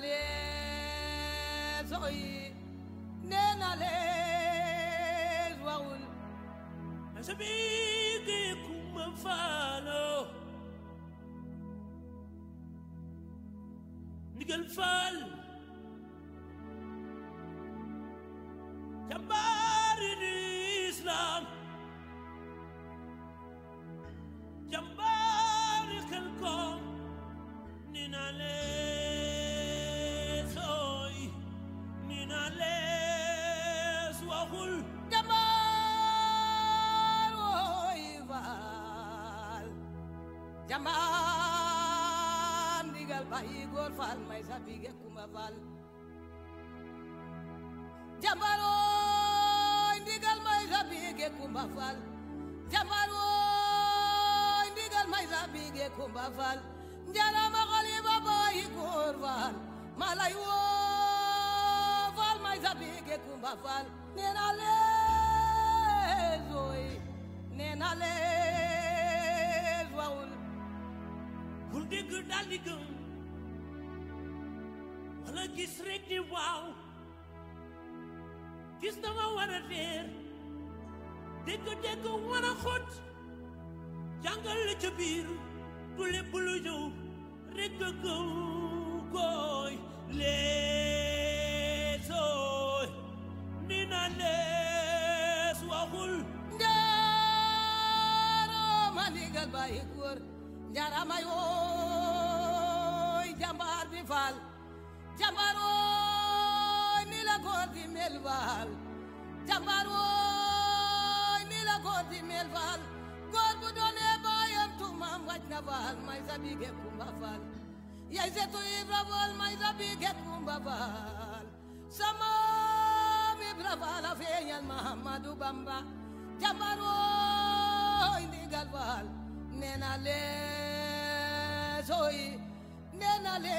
le zoi nena le zwaul nasabigi kumafalo Nigel Fall góor faal may sa bige kumba faal jambarooy ndigal may sa bige kumba faal jambarooy ndigal may sa bige kumba faal njarama xoli ba booyi góor faal malay woo faal may sa bige kumba faal nee na lees ooy nee na lees wawul ስለጊስሬግኒ ዋው ጊስተማ ወረዴር dégg dégg war a xóot jàngal la ca biir du lépp lu ñëw a gëw gooy lees ooy ni na lees waxul njaarama ligal bàyyi góor njaarama yooy jàmbaar bi faal jambaro ni la konti melbal jambaro ni la konti melbal góor bu doone baayam tumaam waj na baal may sa bige kumba fal yay setu ibra bol may sa bige kumba fal sama ibra fal a feeñal mahamadu bamba jambaro ni galval, nena le zoi, nena le.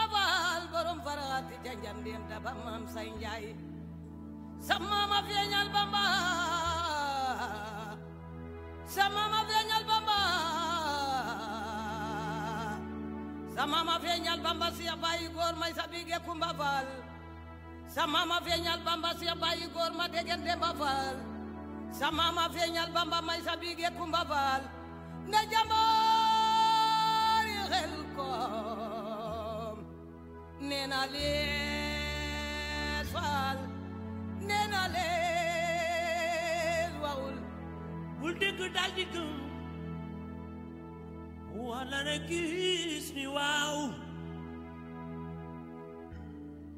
borom faraati janjandeen da ba maam say njaay Bamba samama maama Bamba samama maama Bamba siya bàyyi gorma may kumbaval, samama Kumba Bamba siya bàyyi gorma ma degen Demba Faal sa maama Bamba may sa bige Kumba Faal من الأطفال من الأول ولدك دالدكم ولا نكيسني واو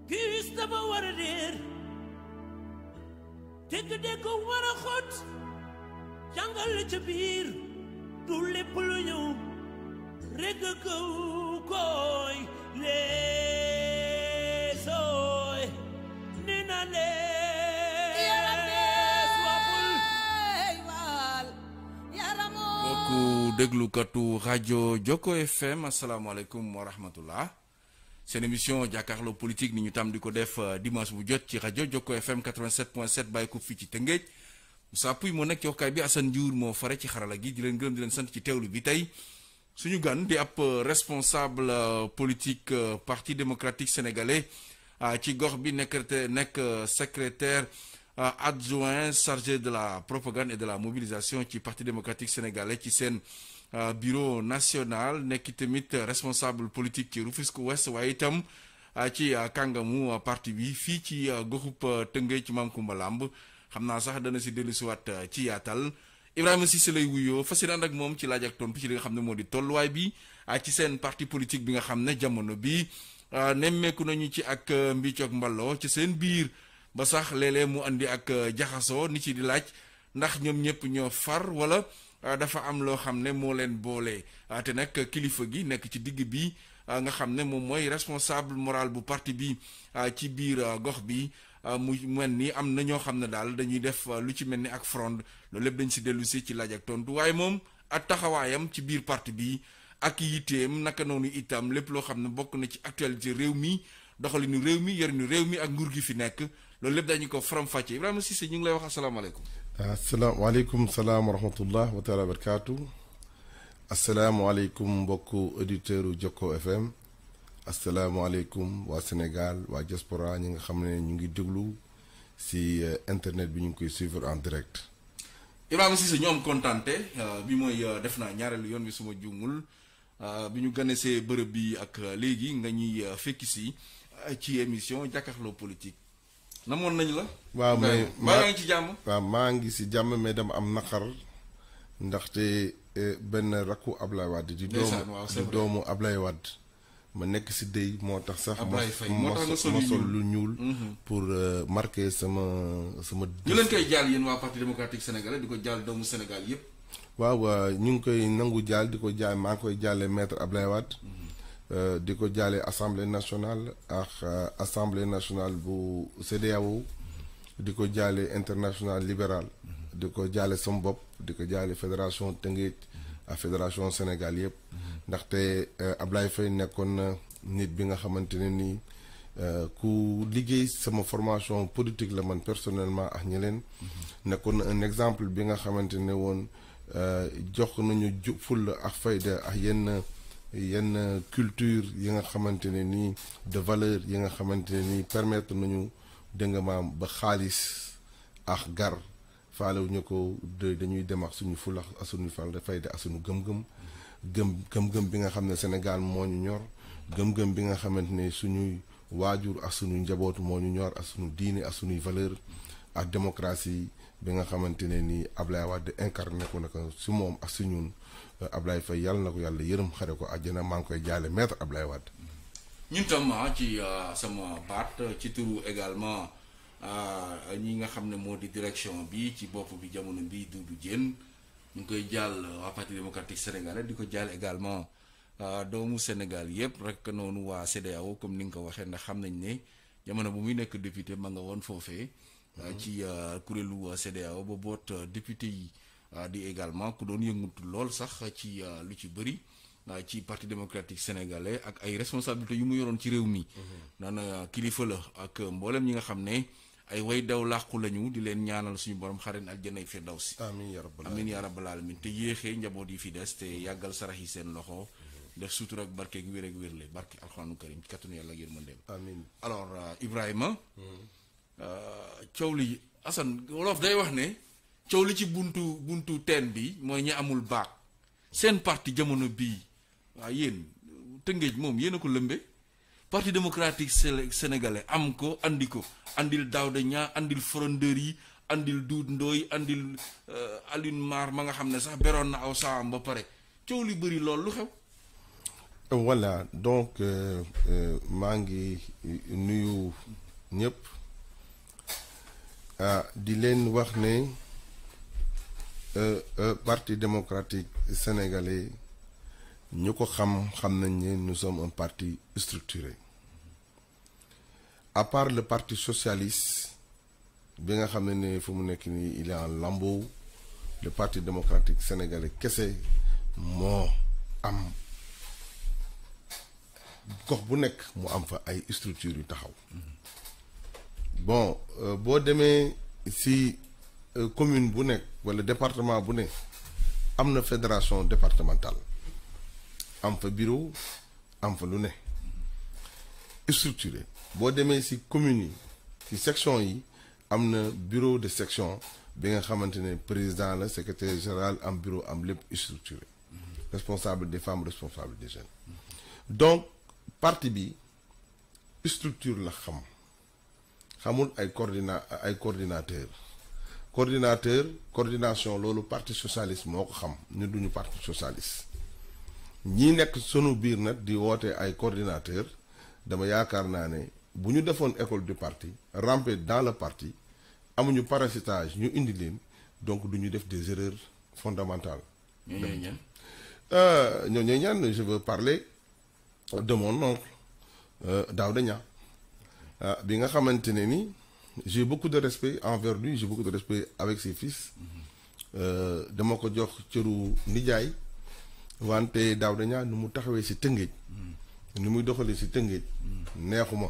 كيس تبا وردير dégg dégg war a xóot jàngal la ca biir du lépp lu ñëw régg kaw kooy katu radio joko fm asalaamaaleykum wa rahmatullah seen émission jakarlo politique ni ñu tam diko def eh, dimanche bu jot ci rajo joko fm 87.7 bàyyi ko fii ci tengej sa puy mo nek ci waxkaay bi asan jour mo fare ci xarala gi di len gëm di len sant ci tewlu bi tay suñu gan di ab euh, responsable euh, politique euh, parti démocratique sénégalais ci gox bi nekk nekk secrétaire adjoint chargé de la propagande et de la mobilisation ci parti démocratique sénégalais ci seen bureau national nekk tamit responsable politique ci Rufisque Ouest waaye itam ci kàngamu parti bi fii ci goxub Tëngéej ci Maam Kumba Lamb xam naa sax dana si dellusiwaat ci yaatal. Ibrahima Cissé lay wuyoo fas yéene ànd ak moom ci laaj ak tontu ci li nga xam ne moo di tolluwaay bi ah, ci seen parti politique bi nga xam ne jamono bi ah, nemmeeku nañu ci ak euh, mbiccoog mballo ci seen biir ba sax léeg mu indi ak euh, jaxasoo ni ci di laaj ndax ñoom ñëpp ñoo far wala ah, dafa am loo xam ne moo leen boole te nag kilifa gi nekk ci digg bi nga xam ne moom mooy responsable moral bu parti bi ci biir gox bi mu mel ni am na ñoo xam ne daal dañuy def lu ci mel ni ak fronde loolu lépp dañ si dellu ci laaj ak tontu waaye moom ak taxawaayam ci biir parti bi ak yitteem naka noonu itam lépp loo xam ne bokk na ci actualité réew mi doxalinu réew mi yorinu réew mi ak nguur gi fi nekk loolu lépp dañu ko faram-fàcce si Cissé ñu ngi lay wax asalaamaaleykum. asalaamaaleykum salaam wa rahmatullah wa taala barkaatu. asalaamaaleykum mbokku auditeurs Jokko FM. asalaamaaleykum waa Sénégal waa diaspora ñi nga xam ne ñu ngi déglu si euh, internet bi ñu ngi koy suivre en direct. Ibrahima Cissé ñoom kontante euh, bi mooy euh, def naa ñaareelu yoon bi suma juumul euh, bi ñu ganesee bërëb bi ak léegi nga ñuy fekki si ci émission jàkkaarloo politique namoon nañ la. waaw mais maa ngi ci jàmm. waaw maa ngi si jàmm mais dama am naqar ndaxte benn rakku Ablaye Wade di doomu di doomu Ablaye Wade ma nekk si dëy moo lu ñuul mm-hmm. pour euh, marquer sama sama koy démocratique sénégalais doomu sénégal yépp ñu koy koy maître ablaye wat mm-hmm. euh, assemblée nationale ak euh, assemblée nationale bu CDAO, mm-hmm. di ko international libéral di ko jaale fédération ak fédération Sénégal yëpp. ndaxte euh, Ablaye fay nekkoon na nit bi nga xamante ne nii euh, ku liggéey sama formation politique la man personnellement ak leen nekkoon na un exemple bi nga xamante ne woon euh, jox nañu ju fulla ak fayda ak yenn yenn culture yi nga xamante ne nii de valeur yi nga xamante ne nii permettre nañu dégg ba xaalis ak gar. faalewuñu ko dañuy dem ak suñu fulax ak suñu fal dafay de ak suñu gëm-gëm gëm gëm-gëm bi nga xam ne Sénégal moo ñor gëm-gëm bi nga xamante ne suñuy waajur ak suñu njaboot moo ñu ñor ak suñu diine ak suñuy valeur ak démocratie bi nga xamante ne nii ab ni Ablaye Wade incarné ko naka si moom ak si ñun Ablaye Faye yàlla na ko yàlla yërëm xare ko ak àjjana maa ngi koy jaale maître Ablaye Wade. ñun tam ah, ci ah, sama baat ci turu également. Euh, ñi nga xam ne moo di direction bi ci bopp bi jamono bi du Diène ñu ngi koy jàll waa parti démocratique sénégalais di ko jàll également euh, doomu Sénégal yëpp rek noonu waa CEDEAO comme ni nga ko waxee ndax xam nañ ne jamono bu muy nekk député ma nga woon foofee euh, mhm. ci kuréelu CEDEAO ba boot député yi di également ku doon yëngatu lool sax ci lu ci bëri ci parti démocratique sénégalais ak ay responsabilités yu mu yoroon ci réew mi. Mhm. naan kilifa la ak mbooleem ñi nga xam ne. ay way daw làqu lañu di len ñaanal suñu borom aljana fi dawsi amin ya rabbal amin ya rabbal alamin te yexé njaboot yi fi dess te yagal sarax yi seen loxo def sutur ak barke ak wér ak le barke alxuraanu karim katun yalla yàlla ak amin alors euh, ibrahima hmm. euh, coow ciowli asan wolof day wax ne ciowli ci buntu buntu ten bi moy ñi amul baag sen parti jamono bi wa yeen tëngéej mom yéen parti démocratique sénégalais amko Andiko, andil Daouda andil frondeur andil Doudou Ndoye andil euh, Alioune Mar ma nga xamne sax aw saam ba pare coow li beuri lolou lu xew. voilà donc euh, euh, maa ngi nuyu ñep ah di len wax ne parti démocratique sénégalais ñuko xam xam nañ ne nous sommes un parti structuré à part le parti socialiste bi nga a un il est en lambeau le parti démocratique sénégalais qu'est-ce que gox bu nekk mu am fa ay structures yu taxaw bon euh, boo la si euh, commune bu le le département bu ne am fédération départementale am fa bureau am fa lu structuré boo demee si communes yi section bureau de section bien nga président la secrétaire général un bureau am structuré responsable des femmes responsable des jeunes donc parti bi structure la xam Il a un coordinateur coordinateur coordination le parti socialiste nous sommes xam parti socialiste ñi sommes sunu biir socialiste. di sommes ay coordinateur bu ñu une école de parti ramper dans le parti amuñu parasitage ñu indi ligne donc du des erreurs fondamentales. Euh, ñan je veux parler de mon oncle euh, Daouda Bien euh, bi nga ni j'ai beaucoup de respect envers lui j'ai beaucoup de respect avec ses fils dama ko jox cëru nijaay wante Daouda Niang nu mu taxawee si tëngéej nu muy les si n'est comment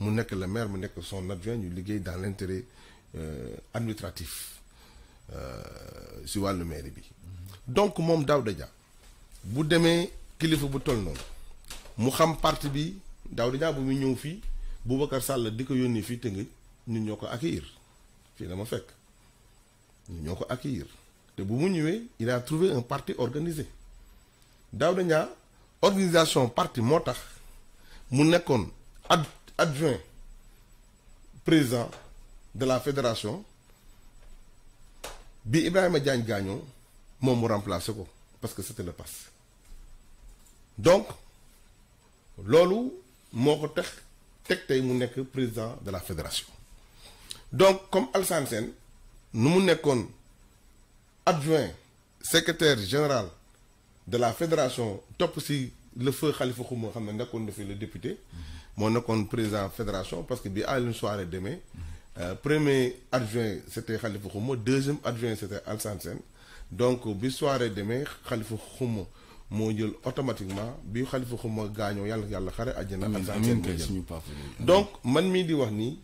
mu que le maire mu que son adjoint ñu dans l'intérêt euh, administratif euh, si mairie donc moom Daouda vous bu demee kilifa bu toll non. mu xam parti bi vous m'ignorez, vous Boubacar Sall vous vous accueillir il a trouvé un parti organisé organisation parti adjoint président de la fédération bi Ibrahim Gagnon parce que c'était le passe. donc Lolo moo je tax être président de la fédération donc comme Al Sansen, nous sommes adjoint secrétaire général de la fédération top si le feu Khalifa Khouma le député mon compte président fédération parce que bi une soirée demain euh, premier adjoint c'était Khalifou Khalifa deuxième adjoint c'était al Sansen. donc bi soirée demain Khalifa Xuma moo automatiquement automatiquement bi Khalifa gagne, il y a le àjjana à Sène al jël donc man mii di wax ni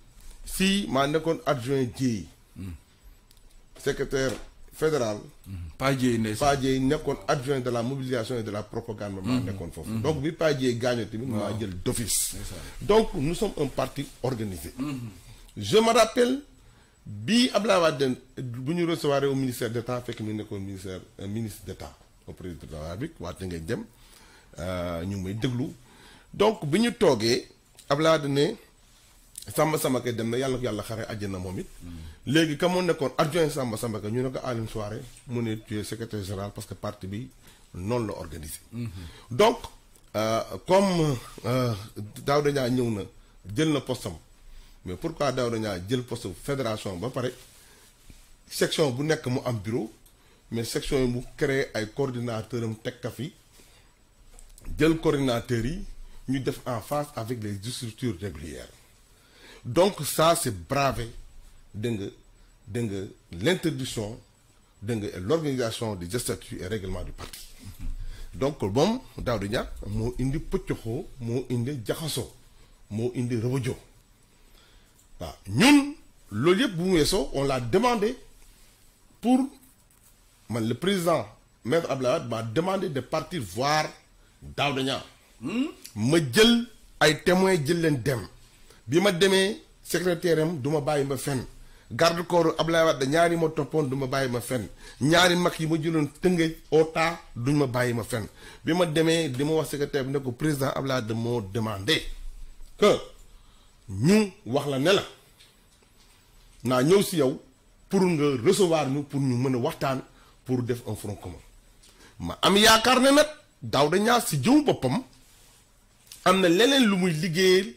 si ne compte adjoint dit hmm. secrétaire fédéral mm-hmm. pas Dieye pas Paa Dieye adjoint de la mobilisation et de la propagande maa mm-hmm. nekkoon mm-hmm. donc bi Paa Dieye gaañoo mais d'office donc nous sommes un parti organisé je me rappelle bi Abdoulaye Wade bu ñu recevoir au ministère d'État fek mi nekkoon ministère euh, ministre d'État au président de la République à ngay dem euh, ñu may déglu donc bi ñu toogee à Samba Sambake dem na yalla na yàlla xare àjjana moom it. léegi ka mu nekkoon adjoint Samba Sambake ñu ne ko à une soirée mu ne tu es secrétaire général parce que parti bi non la organisé. Mhm. donc euh, comme euh, Daouda nya ñëw na jël na poste. mais pourquoi Daouda nya jël poste fédération ba paré section bu nekk mu am bureau mais section mu créé ay coordinateurs am teg ka fi jël coordinateur. yi ñu def en face avec les structures régulières donc ça c'est braver l'introduction l'organisation des statuts et règlements du parti donc le bon daawdi il y indi un mo indi jaxasoo mo indi rëbëjoo waaw ñun Nous, le bu Nous, on l'a demandé pour le président maître Abdallah m'a demandé de partir voir daawdi Je hmm? vais jël ay témoins jël l'endem bi ma demee secrétaire am du ma bàyyi ma fenn garde corps Ablaye Wade ñaari ma toppoon du ma bàyyi ma fenn ñaari mag yi ma jëloon tëngeej otaa duñ ma bàyyi ma fenn bi ma demee di ma wax secrétaire bi ne ko président Ablaye Wade moo demandé que ñu wax la ne la naa ñëw si yow pour nga recevoir ñu pour ñu mën a waxtaan pour def un front commun ma am yaakaar ne nag daaw dañaa si jëw boppam am na leneen lu muy liggéey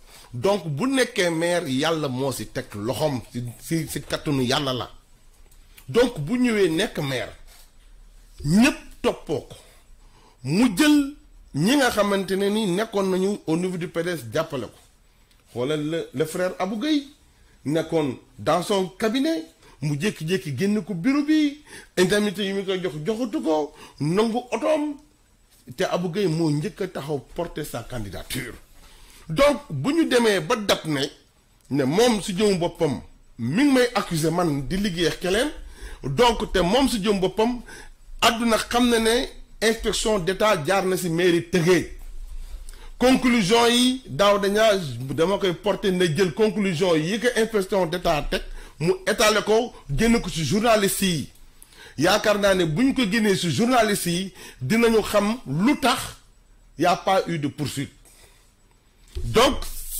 donc bu nekkee maire yàlla moo si teg loxoom si si si kattanu yàlla la donc bu ñëwee nekk maire ñépp toppoo ko mu jël ñi nga xamante ne ni nekkoon nañu au niveau du PDS jàppale ko xoolal le le frère abu Gueye nekkoon dans son mu jékki-jékki génn ko bureau bi indemnité yi mu koy jox joxatu ko nangu otoom te abu Gueye moo njëkk taxaw porter sa candidature. donc bu ñu demee ba dab ne ne moom si jëm boppam mi ngi may accuser man di liggéey keleen donc té mom si jëm bopam aduna xam na inspection d'État jaar na si mairie Tëngéej conclusion yi daw dañaa dama koy porter né jël conclusion yi que inspection d'État tek mu étaler ko génn ko ci journaliste yi yaakaar naa ne bu ko génnee ci journaliste yi dinañu xam lutax tax y a pas eu de poursuite donc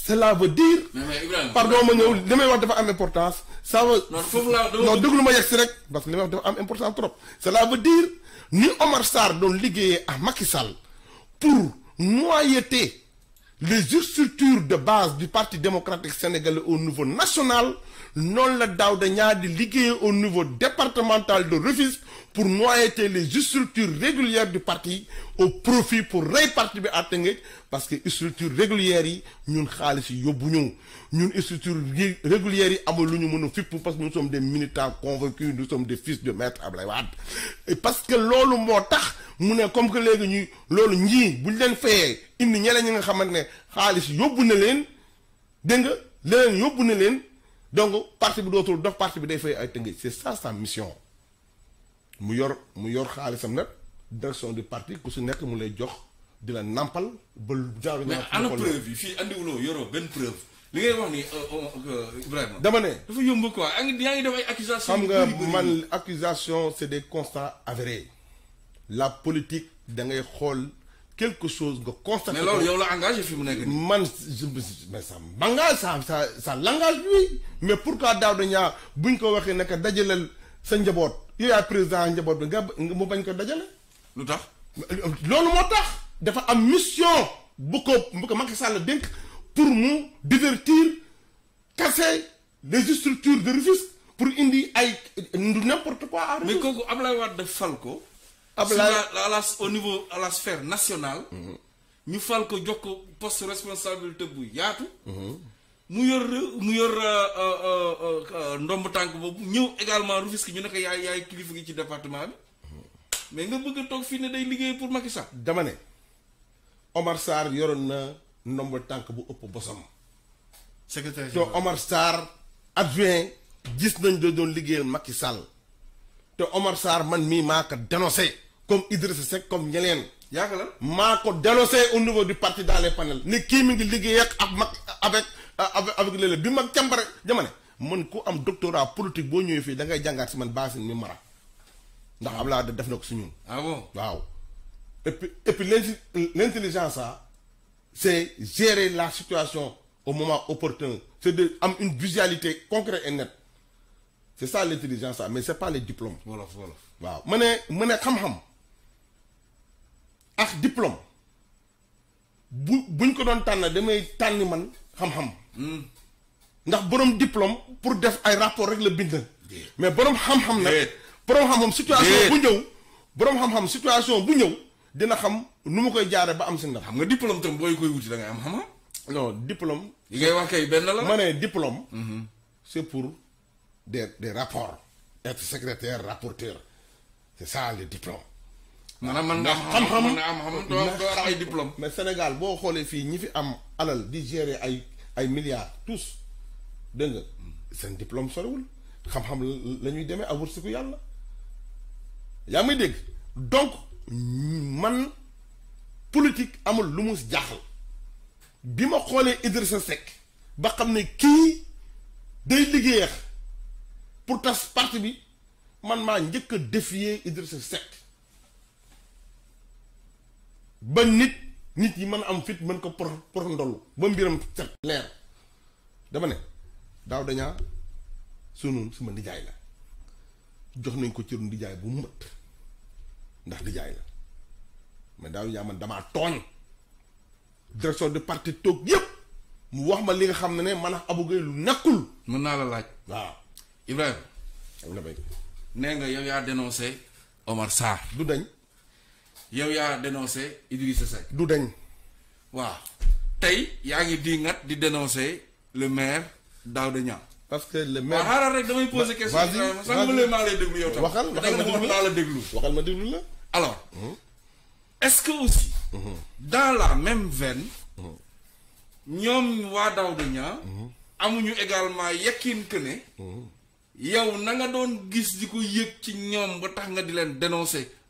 cela veut dire. pardon ma je li may wax dafa am importance. ça veut non foofu laa non parce que je wax dafa importance trop. cela veut dire nous, Omar Sarr nous à à Macky Sall pour noyer les structures de base du parti démocratique sénégalais au niveau national non la daw de au niveau départemental de Rufisque pour noyauter les structures régulières du parti au profit pour répartir parti à parce que les structures régulières nous ñun xaalis yi yóbbu ñu ñun structures régulières yi amul lu parce que nous sommes des militants convaincus nous sommes des fils de maître Ablaye Et parce que loolu moo tax mu ne comme que léegi ñuy loolu ñii buñ leen fayee indi ñeneen ñi nga xamante ne xaalis yóbbu na leen dégg nga leneen donc parti bi dootul dox parti bi day fay ay c'est ça sa mission mu yor mu yor xaalisam nag direction du parti ku si nekk mu lay jox di la nampal ba jaaru mais ana preuve yi fii andiwuloo yoroo benn preuve li ngay wax ni euh, euh, euh, Ibrahima. dama ne dafa yomb quoi yaa ngi yaa ngi def ay accusations xam nga man accusation c'est des constats avérés la politique da ngay xool quelque chose nga constaté. mais loolu yow la engagé fi mu nekk nii. man je mais ça m'engage ça ça ça l'engage lui mais pourquoi daaw dañaa buñ ko waxee naka dajaleel sa njaboot yow a président njaboot bi nga mu bañ ko dajale. lu tax loolu moo tax dafa am mission beaucoup, beaucoup Sall pour nous divertir casser les structures de risque pour indi n'importe quoi. à mais kooku Ablaye Wade de Falco, Ablaye à la au niveau à la sphère nationale. Mhm. ñu fal ko jox responsable poste responsabilité bu mu yor mu yor euh, euh, euh, ndomb tank boobu ñew également rufis ki ñu naka yaay yaay kilifa gi ci département bi mais nga bëgg tok fi ne day liggéey pour Macky Sall. dama ne Omar Sar yoron na ndomb tank bu upp bosam. secrétaire to Omar Sar adjoint gis nañ do doon liggéeyal Macky Sall te Omar Sar man mi maa ko dénoncé comme Idrissa Seck comme ñeneen. yaaka la maa ko dénoncé au niveau du parti dans les panels. ni ki mi ngi liggéey ak ak avec. Ah, avec le les bi mag mon am doctorat politique bo fi da ngay man mi mara ndax ah bon et puis et puis l'intelligence ça, ah, c'est gérer la situation au moment opportun c'est de une visualité concrète et nette c'est ça l'intelligence ça, ah, mais c'est pas les diplômes. Voilà voilà. waaw mané mané diplôme buñ ko doon man. xam-xam. ndax borom diplôme pour def ay rapport rek la bind. mais borom xam-xam nag. borom xam-xam situation bu ñëw. borom xam-xam bu ñëw dina xam nu mu koy jaaree ba am si ndax. xam nga diplôme tam booy koy wuti dangay am xam-xam. non diplôme. li la. ma ne diplôme. Mhm. c'est pour des des rapport être secrétaire rapporteur c'est ça le diplôme. manam man diplôme mais Sénégal si xolé fi ñi fi am milliards tous nga diplôme xam-xam la démé dégg donc man politique amul lu mus jaxal bima xolé Idrissa ba pour tas parti man défier Idrissa Seck ba nit nit yi mën a am fit mën ko por por ndollu ba mbiram set leer dama ne daaw dañaa sunu suma nijaay la jox nañ ko cëru nijaay bu mu mat ndax nijaay la mais daaw yaa man damaa tooñ direction de parti toog yëpp mu wax ma li nga xam ne ne man Abou Gueye lu nekkul. mën naa la laaj. waaw Ibrahima. am na nee nga yow yaa dénoncé Omar Sarr. du dañ. yow yaa dénoncé Idrissa Seck. du dañ. waaw tey yaa ngi di ngat di dénoncé le maire Daouda Niang. parce que le maire waaw xaaral rek damay euh, lay déglu yow tam. waxal waxal ma déglu la déglu. waxal ma déglu la. alors est-ce que aussi. dans la même veine. ñoom waa Daouda Niang. amuñu également yekkin que ne. na nga doon gis di ko yëg ci ñoom ba tax nga di leen dénoncé.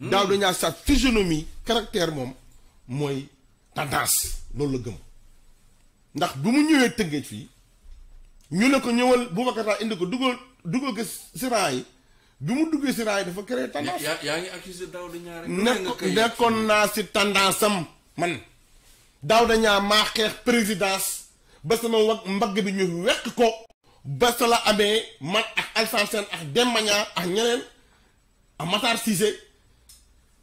Hmm. Daouda Niang sa physionomie caractère moom mooy tendance loolu la gëm ndax bu mu ñëwee tëngeej fii ñu ne ko ñëwal Boubacar indi ko dugal dugal ko si rang yi bi mu duggee si rang yi dafa créé tendance. yaa ngi accusé Daouda Niang rek nekkoon naa si tendance am man Daouda dañaa maa xeex présidence ba sama wag mbagg bi ñu wekk ko ba sa la amee man ak Alphonsine ak Demba ak ñeneen ak Matar Cissé.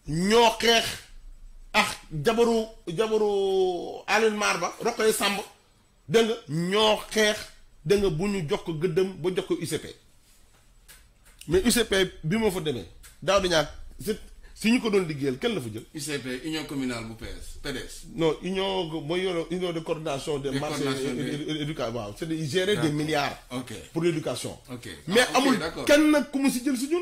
ñoo xeex ak jabaru jabaru Alioune marba ba Rokhaya Samb dégg nga ñoo xeex dégg nga buñu ñu jox ko gëddëm ba jox ko UCP mais UCP bi moo fa demee daaw di ñaag si ko doon liggéeyal kenn la fa jël. UCP union communale bu PS PDS. non union mooy union de coordination des marchés éducation waaw c'est de gérer des milliards. pour l'éducation mais ah, amul kenn ku mu si jël si ñun.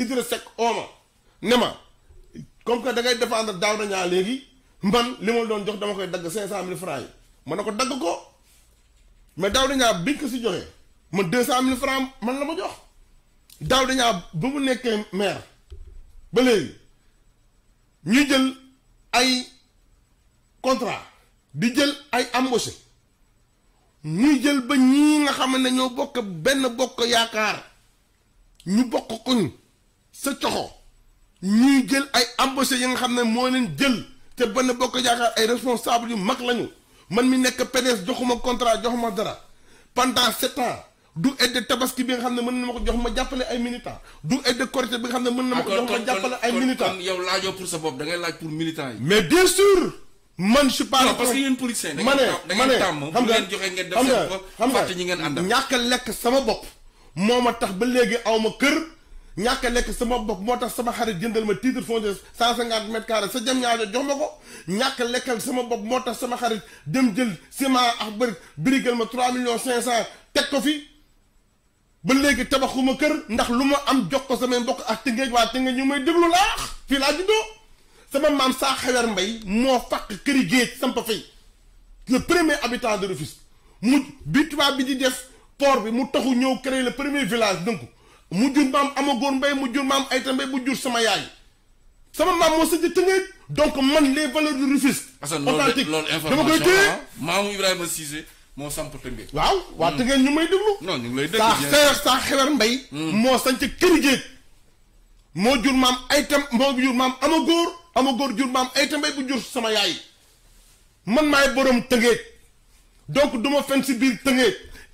Idrissa Seck ooma ne ma comme que da ngay défendre daaw dañaa léegi man li ma doon jox dama koy dagg cinq cent mille francs yi ma ne ko dagg ko mais daaw dañaa biñ ko si joxee ma deux cent mille francs man la ma jox daaw dañaa ba mu nekkee maire ba léegi ñu jël ay contrat di jël ay embauché ñuy jël ba ñii nga xam ne ñoo bokk benn bokk yaakaar ñu bokk koñ sa coxo ñuy jël ay embauché yi nga xam ne moo leen jël te benn bokk yaakaar ay responsable yu mag lañu man mi nekk PDS joxuma contrat ma dara pendant sept ans du aide tabaski bi nga xam ne mën na ma ko jox ma jàppale ay militants du aide Korité bi nga xam ne mën na ma ko jox ma jàppale ay militants yow laajoo pour sa bopp da ngay laaj pour militants yi. mais bien sûr. man je suis pas parce que yéen politiciens da ngeen tàmm bu ngeen joxe ngeen def seen bopp fàtte ñi ngeen àndal ñàkk lekk sama bopp moo a tax ba léegi aw ma kër. ñàkk a lekk sama bopp moo tax sama xarit jëndal ma titre foncier cent cinquante mètres carrés sa jëm ñaajo jox ma ko ñàkk a lekkal sama bopp moo tax sama xarit dem jël ciment ak bërik birigal ma trois millions cinq cent teg ko fi ba léegi tabaxuma kër ndax lu ma am jox ko samay mbokk ak tëngeej waa tëngeej ñu may déglu laax fii laa juddoo sama maam saa xewer mbay moo fàq këri géej samp fay le premier habitant de Rufisque mu bi tubaab bi di def port bi mu taxu ñëw créer le premier village dënku mu jur maam Amagóor Mbay mu jur maam ay Mbay jur sama yaay sama maam moo sëñ Tëngéej donc man les valeurs du Rufisque. authentique dama koy téye maamu Ibrahima Cissé moo samp waaw waa hmm. Tëngéej ñu may déglu. non ñu ngi lay déglu saa xeer saa xewer mbay. Hmm. moo sanc kër géej moo jur maam Ayta jur bu jur sama yaay man maay borom Tëngéej donc du ma si biir Tëngéej.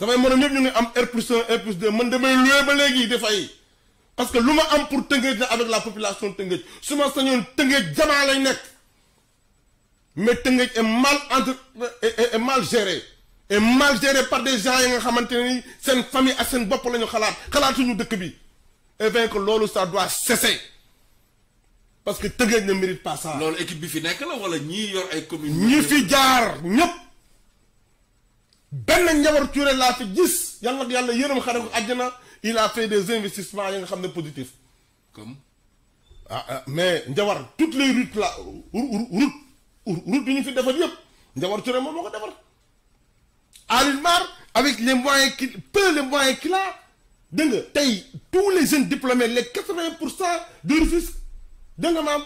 Ça va ñëpp ñu ngi am R plus 1 R plus 2 man damay luwe ba léegi di parce que l'homme ma am pour Tëngéej na avec la population Tëngéej su ma sañoon Tëngéej jamaa lay nekk mais Tëngéej est mal entre est mal géré est mal géré par des gens yi nga xamante ni famille ak seen bopp la ñu xalaat xalaatuñu dëkk bi et bien que loolu ça doit cesser parce que Tëngéej ne mérite pas ça. loolu équipe bi fi nekk la wala ñii yor ay communes. ñi fi jaar ben Ndiawar Touré la fi gis yalla yalla yàlla yërëm xare ko àjjana il a fait des investissements yi nga xam ne comme ah, ah mais Ndiawar toutes les routes la route route biñu ñu fi defar yëpp Ndiawar Touré mo moko ko alimar avec les moyens qui peu les moyens qu'il a dégg nga tous les jeunes diplômés les 80% vingts pour cent de Rufisque dégg nga maam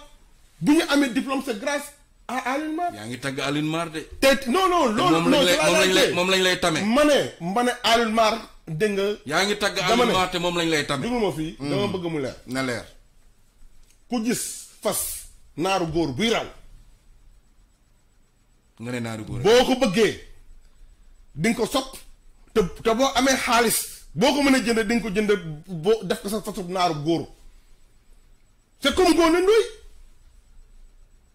bu diplôme c'est grâce. ah Mar. yaa ngi tagg Alioune Mar de. te non non loolu. moom lañ lay moom lañ lay tame. ma ne ma Mar dégg nga. yaa ngi tagg Alioune Mar te moom lañ lay tame. dugg ma fii. Hmm. dama bëgg mu leer. na leer. ku gis fas naaru góor buy raw. nga ne naaru góor boo ko bëggee di ko sopp te te boo amee xaalis boo ko mën a jënd di nga ko jënd boo def ko sa fasu naaru góor c'est comme góor na ndoy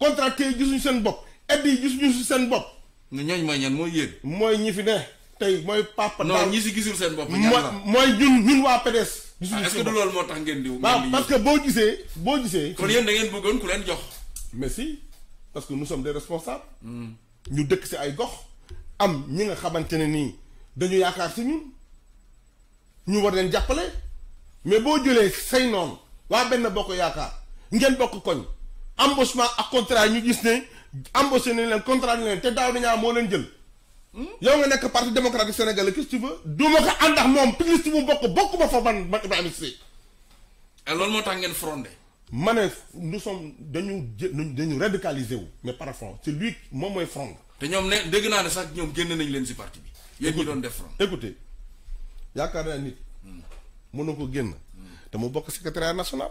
contracté yi gisuñu seen bopp aide yi gisuñu si seen bopp. mais ñooñu mooy ñan mooy yéen. mooy ñi fi ne tey mooy. papa non ñi si gisul seen bopp. mooy ñun ñun waa PDS. gisuñu ah, est-ce que du loolu moo tax ngeen di. waaw parce que boo gisee boo gisee. kon yéen da ngeen bëggoon ku leen jox. mais si parce que nous sommes des responsables. Hmm. ñu dëkk si ay gox. am ñi nga xamante ne nii dañu yaakaar si ñun ñu war leen jàppale mais boo jëlee say noonu waa benn bokk yaakaar ngeen bokk koñ. embauchement ak contrat ñu gis ne embauché nañ leen contrat ñu leen te daaw dañaa moo leen jël. yow nga nekk parti démocratique sénégalais qu'est-ce que tu veux. du ma ko ànd ak moom piglis bu bokk bokk ma fa man man Ibrahima Cissé. ah moo tax ngeen frondé. ma ne nous sommes dañu jë dañu radicalisé wu mais par front c'est lui moom mooy frond. te ñoom ne dégg naa ne sax ñoom génn nañ leen si parti bi. yéen ñi doon def front. écoutez yaakaar naa nit. Hmm. mën na ko génn. Hmm. te mu bokk secrétariat national.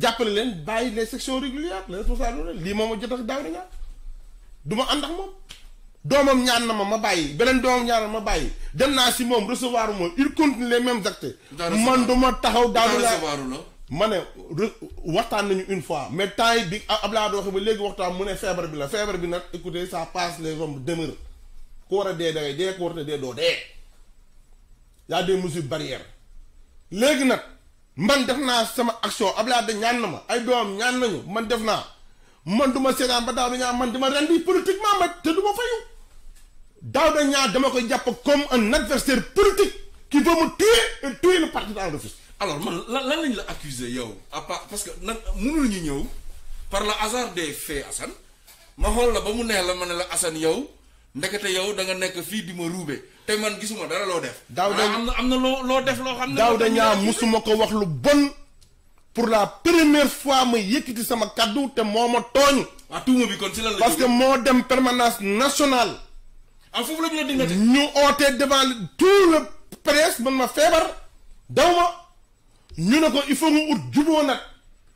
jàppale leen bàyyi le sections régulières les responsables lii moom ma jot ak daaw ñaar du ma ànd ak moom doomam ñaan na ma ma bàyyi beneen doomam ñaan na ma bàyyi dem naa si moom recevoir moom il continue les mêmes actes man du ma taxaw daaw la ma ne waxtaan nañu une fois mais temps yi bi Abdoulaye waxee ba léegi waxtaan mu ne feebar bi la feebar bi nag écoutez ça passe les hommes demeurent ku war a dee dawee dee ku war a dee doo dee y a des mesures barrières léegi nag man def naa sama action ab Abdoulaye da ñaan na ma ay doom ñaan nañu man def naa man du ma seetaan ba daaw da ñaa man dama rendi politiquement ma te du ma fayu daaw da ñaa dama koy jàpp comme un adversaire politique qui veut me tuer et tuer le parti dans le fils alors man lan lan lañ la accuser yow à part parce que nag mënul ñu ñëw par le hasard des faits ma xool la ba mu neex la ma ne la Assane yow ndekete yow da nga nek fi di ma ruube te man gisuma dara lo def daaw da am na am na def lo xam daw da ñaa musuma ko wax lu bon pour la première fois ma yëkkati sama cadeau té moma togn wa ah, waa tuuma bi kon ci lan la parce que mo dem permanence nationale ah foofu la ñu la dingate ñu oté devant tout le presse man ma fébar dawma ñu nako il faut mu ut juboo nag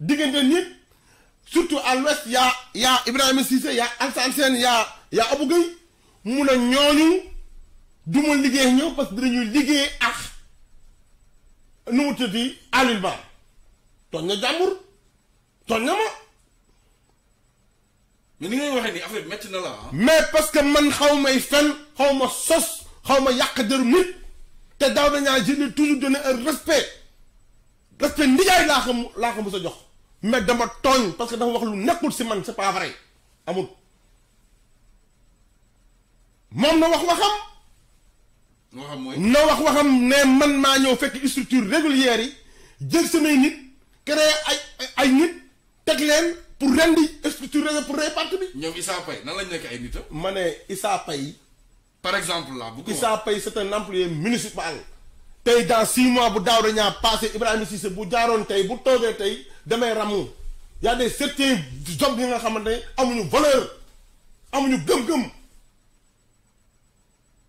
nit surtout à l'ouest yaa yaa Ibrahima Cissé yaa Alsane Sène yaa yaa Abou Gueye mun a ñooñu du ma liggéey ñëw parce que dinañu liggéey ak nu mu tëddi Alioune Ba tooñ na jàmbur tooñ na ma. mais ni ngay waxee nii affaire bi métti na la ah. parce que man xaw may fen xaw ma sos xaw ma yàq dër nit te daaw dañaa jënd toujours donné un respect respect ndijaay laa xam laa xam sa jox mais dama tooñ parce que dafa wax lu nekkul si man c'est pas vrai amul. moom na wax waxam. na wax mooy na wax waxam ne man maa ñëw fekk structure régulière yi jël samay nit créer ay ay nit teg leen pour rendi structure pour rey parti bi. ñoom Issa Paye nan lañ nekk ay nitam. ma ne Issa Paye. par exemple la bu ko Issa Paye c'est un employé municipal. tey dans six mois bu daaw dañaa passé Ibrahima Cissé bu jaaroon tey bu toogee tey damay ramu y a des certains jobs yi nga xam ne amuñu valeur amuñu gëm-gëm.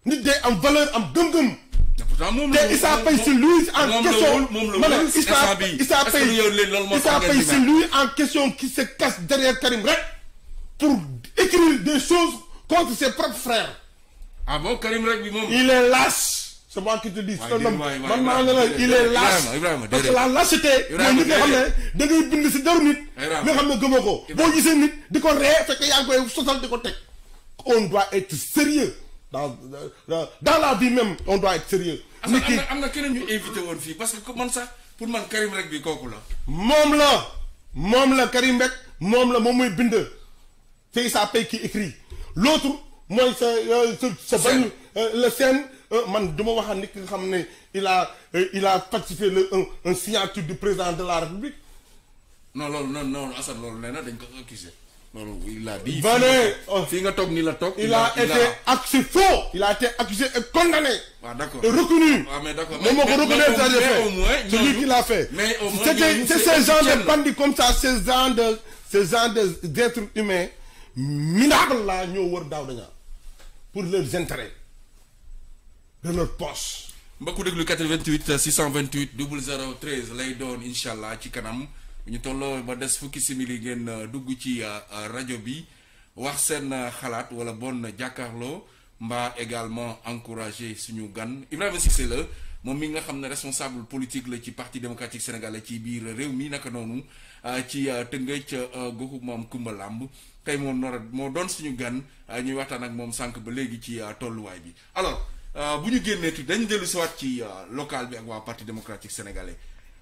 nit day am valeur am gëm-gëm. te Issa Paye si lui en question ma ne Issa Issa Paye si lui en question qui se casse derrière Karim rek pour écrire des choses contre ses propres frères. ah bon Karim rek il est lâche. c'est moi qui te dis. waay man maa il est lâche. parce que la lâcheté. mooy nit nga xam ne da ngay bind si deru nit. nga xam ne gëmoo ko boo gisee nit di ko ree fekk yaa ngi koy sosal di on doit être sérieux dans la vie même on doit être sérieux il y invité parce que comment ça pour moi, Karim rek la la Karim la c'est sa paix qui écrit l'autre moi sa le euh, scène, euh, euh, du il a il a le un signature du président de la République non non, non non non, non, non, na non, non, non il a dit. il a été accusé faux. Il a été accusé et condamné. Ah, et reconnu. mais c'est lui qui l'a fait. mais C'est ces gens de bandits comme ça, ces gens de, ces gens d'êtres humains, minables là, pour leurs intérêts, de notre poche. Beaucoup de 88 628 0013 lay doon inshallah ci kanam ñu tolloo ba des fukki simili ngeen euh, dugg ci euh, euh, rajo bi wax seen xalaat wala bon jàkkaarloo mbaa également encourager suñu gan Ibrahima Cissé la moom mi nga xam ne responsable politique la ci parti démocratique sénégalais ci biir réew mi naka noonu ci tëngëj goxu maam Kumba Lamb tey moo nora moo doon suñu gan ñuy waxtaan ak moom sànq ba léegi ci tolluwaay bi alors bu ñu génnee tuuti dañu dellu siwaat ci local bi ak waa parti démocratique sénégalais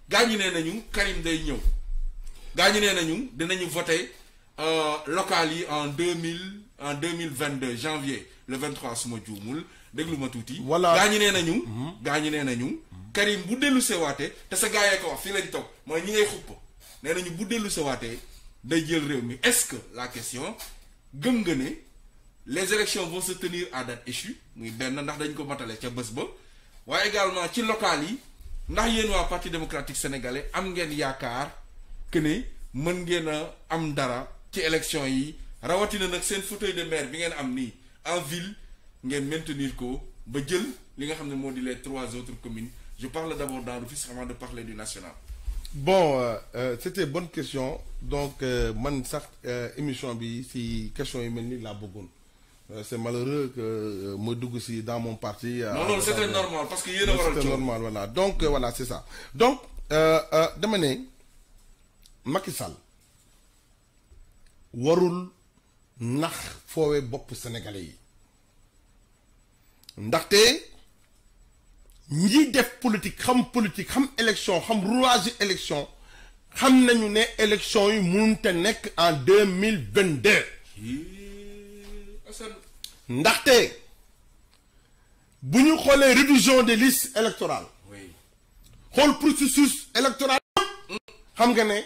gaa ñi nee nañu Karim day ñëw. gaa ñu nañu dinañu voter euh, local yi en 2000 en 2022 janvier le 23 trois su ma juumul déglu ma tuuti. voilà gaa ñu nee nañu. Mhm. gaa ñu Karim bu dellu seewaatee té sa gaayé ko wax fii lañ tok moy ñi ngay xupp bu day jël réew mi est-ce que la question gëm nga les élections vont se tenir à date échue muy ben ndax dañ ko matale ci bëss ba wa également ci local yi ndax yéen wa parti démocratique sénégalais am ngeen yaakaar que ni mën ngeen am dara ci élection yi rawatina nak seen fauteuil de maire bi ngeen am ni en ville ngeen maintenir ko ba jël li nga xam modi les trois autres communes je parle d'abord dans l'office avant de parler du national. bon euh, euh, c'était bonne question donc euh, man sax euh, émission bi si question yi melni la laa euh, c'est malheureux que ma dugg si dans mon parti. non non c'était normal parce que yéna waral. c'était normal voilà donc voilà c'est ça donc demain ne. Macky Sall warul nax fowé bop sénégalais yi ndaxte ñi def politique xam politique xam élection xam rouage élection xam nañu né élection yi mënut nek en 2022. mille vingt deux ndaxte bu révision des listes électorales xool processus électoral xam nga né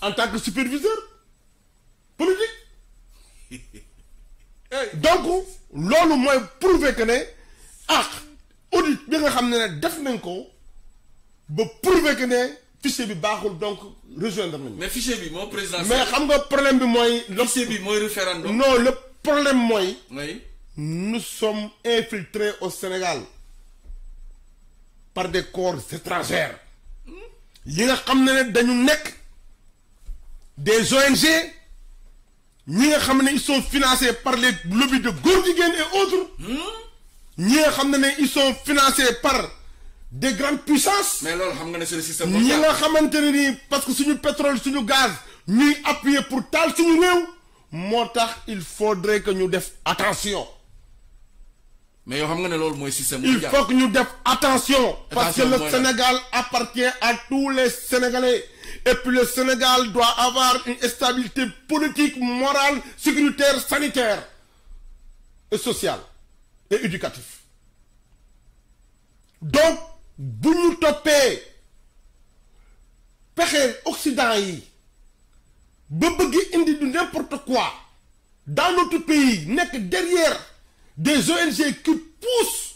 en tant que superviseur politique donc que ne ah audit bi def que donc rejoindre mais fichier président. mais le problème bi moi. référendum. non le problème nous sommes infiltrés au Sénégal par des corps étrangers. Hmm? yi nga des des ONG ils sont financés par les lobbies de góor et autres. Hmm? ñi ils sont financés par des grandes puissances. mais loolu xam nga c'est le système ñi nga xamante parce que suñu pétrole suñu gaz nous appuyons pour tal, suñu nous voulons il faudrait que nous def attention. mais vous xam nga système il faut que nous def attention. parce que le Sénégal appartient à tous les Sénégalais. Et puis le Sénégal doit avoir une stabilité politique, morale, sécuritaire, sanitaire, et sociale et éducative. Donc, vous nous toppee Occident n'importe quoi dans notre pays que derrière des ONG qui poussent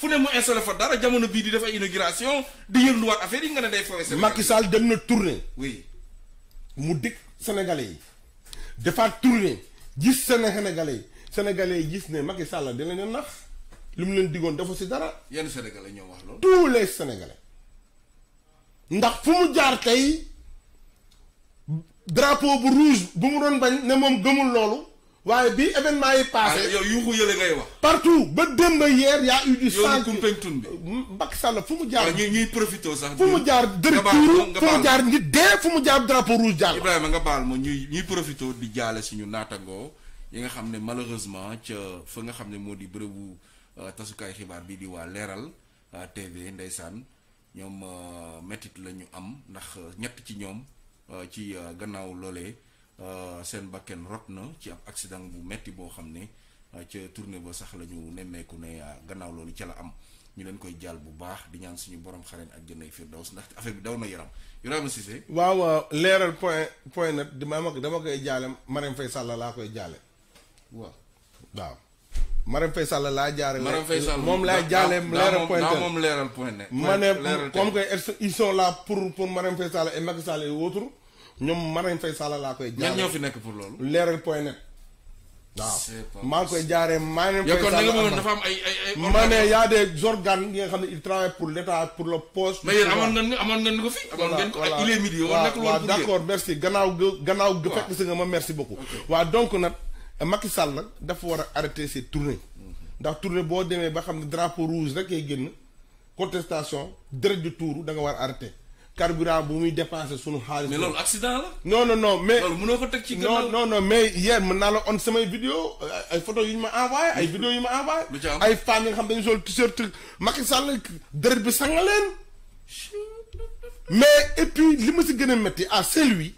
fu ne mu installé fa dara jamono bii di def di inauguration lu yënduwaat affaire yi nga ne day fawe Sénégal Macky Sall dem na tournée. oui mu dikk Sénégalais yi defaat tournée gis Sénégalais yi Sénégalais yi gis ne Macky Sall dina leen nax li mu leen diggoon dafa si dara. yenn Sénégalais ñoo wax loolu. tous les ndax fu mu jaar tey drapeau bu rouge bu mu doon bañ ne moom gëmul loolu. waaye bi événement yi passé yow yuuxu yële ngay wax. partout ba démb hier y' a eu du sang. yow kumpeentun bi Macky Sall fu mu jaar. ñuy ñuy profité sax. fu jaar dër tuuru fu mu fu mu jaar drapeau rouge jàll. Ibrahima nga baal ma ñuy ñuy profité di jaale suñu naatangoo yi nga xam ne malheureusement ca fa nga xam ne moo di bërëbu euh, tasukaay xibaar bi di waa Leeral euh, TV ndeysaan ñoom euh, métit la ñu am ndax ñett ci ñoom ci gannaaw loole Euh, seen bakken rot na ci ab accident bu metti boo xam ne euh, ca tournée ba sax la ñu nemmeeku ne euh, gannaaw loolu ca la am ñu leen koy jàll bu baax di ñaan suñu borom xareen ak jënay firdaws ndax affaire bi daw na yaram Ibrahima Cissé waaw leeral point point net dama dama koy jaale Marème Faye Sall laa koy jaale waaw waaw Marème Faye laa jaare Marème Faye moom laa jaale leeral point net moom leeral point net ma ne comme que ils sont là pour pour Marème Faye Sall et ñoom Marème Faye Sall laa koy. jaaree ñoo fi nekk pour loolu. leeral point net. waaw maa ngi koy jaaree Marème Faye dafa am ay ne y' a des organes yi nga xam ne ils travaillent pour l' état pour le poste. mais yéen amoon amoon ngeen ko fi. amoon ngeen ko merci gannaaw gannaaw. waaw fekk si nga ma merci beaucoup. waaw donc nag Macky Sall nag dafa war a arrêter ses tournées. Mhm. ndax tournée boo demee ba xam ne drapeau rouge rek kay génn contestation deret du tour da nga war a arrêter. carburant bu muy dépensé sunu xaalis. mais loolu accident la. non non non mais loolu mënoo ko teg ci non non non mais hier mën naa la on samay vidéo ay photo yu ñu ma envoyé ay vidéo yu ma envoyé. ay femmes yi nga xam dañu sol t-shirt Macky Sall deret bi sanga leen. mais et puis li ma si gën a métti à Saint-Louis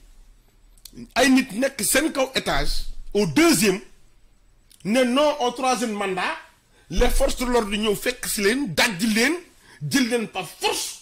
ay nit nekk seen kaw étage au deuxième ne non au troisième mandat les forces de l'ordre ñëw fekk si leen dajji leen jël leen par force.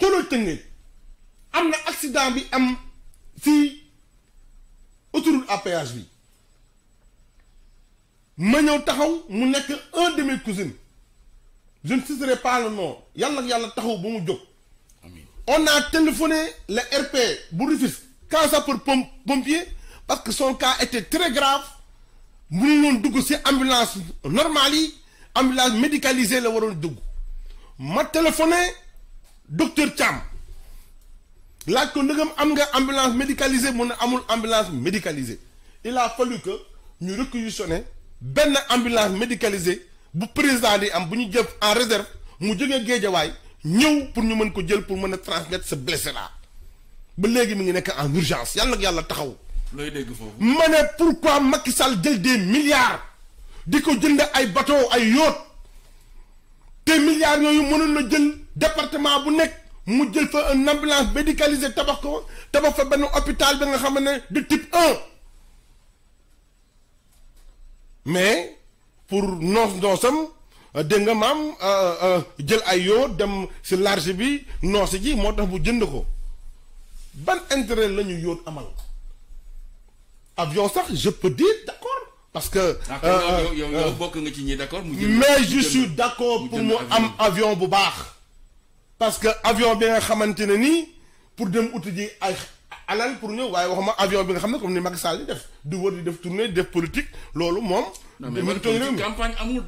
koloo tëngéej am na accident bi am fii autour à péage bi ma ñëw taxaw mu un de mes cousines je ne sais pas le nom Yalla y yàlla taxaw ba mu jóg on a téléphoné le RP bu CASA quand ça pour pompier parce que son cas était très grave Nous avons dugg ci ambulance normale ambulance médicalisée le waroon dugg ma téléphoné docteur Thiam là ko nous am nga ambulance médicalisée mu amul ambulance médicalisée il a fallu que nous réquisitionner une ambulance médicalisée bu président di am bu en réserve mu jógee géejawaay ñëw pour ñu mën ko pour mën transmettre ce blessé là ba léegi mi ngi en urgence yàlla nag yàlla taxaw. looy dégg foofu. ma pourquoi Macky Sall jël des milliards qu'il ko jënd ay bateaux, ay yachts Des milliards nous, mënoon na jël département bu nek mu un ambulance médicalisée tabax ko hôpital de type 1 mais pour nos noosam euh, nga nous euh, euh, jël ay dem large bi jënd ko ban intérêt amal avion ça je peux dire d'accord parce que. mais je suis d'accord pour moi am avion bu parce que avion bi nga xamante ne pour dem uti ji alal pour ñëw waaye waxuma avion bi nga xam comme ni Macky Sall di def di wër di def tournée def politique loolu moom. mais campagne amul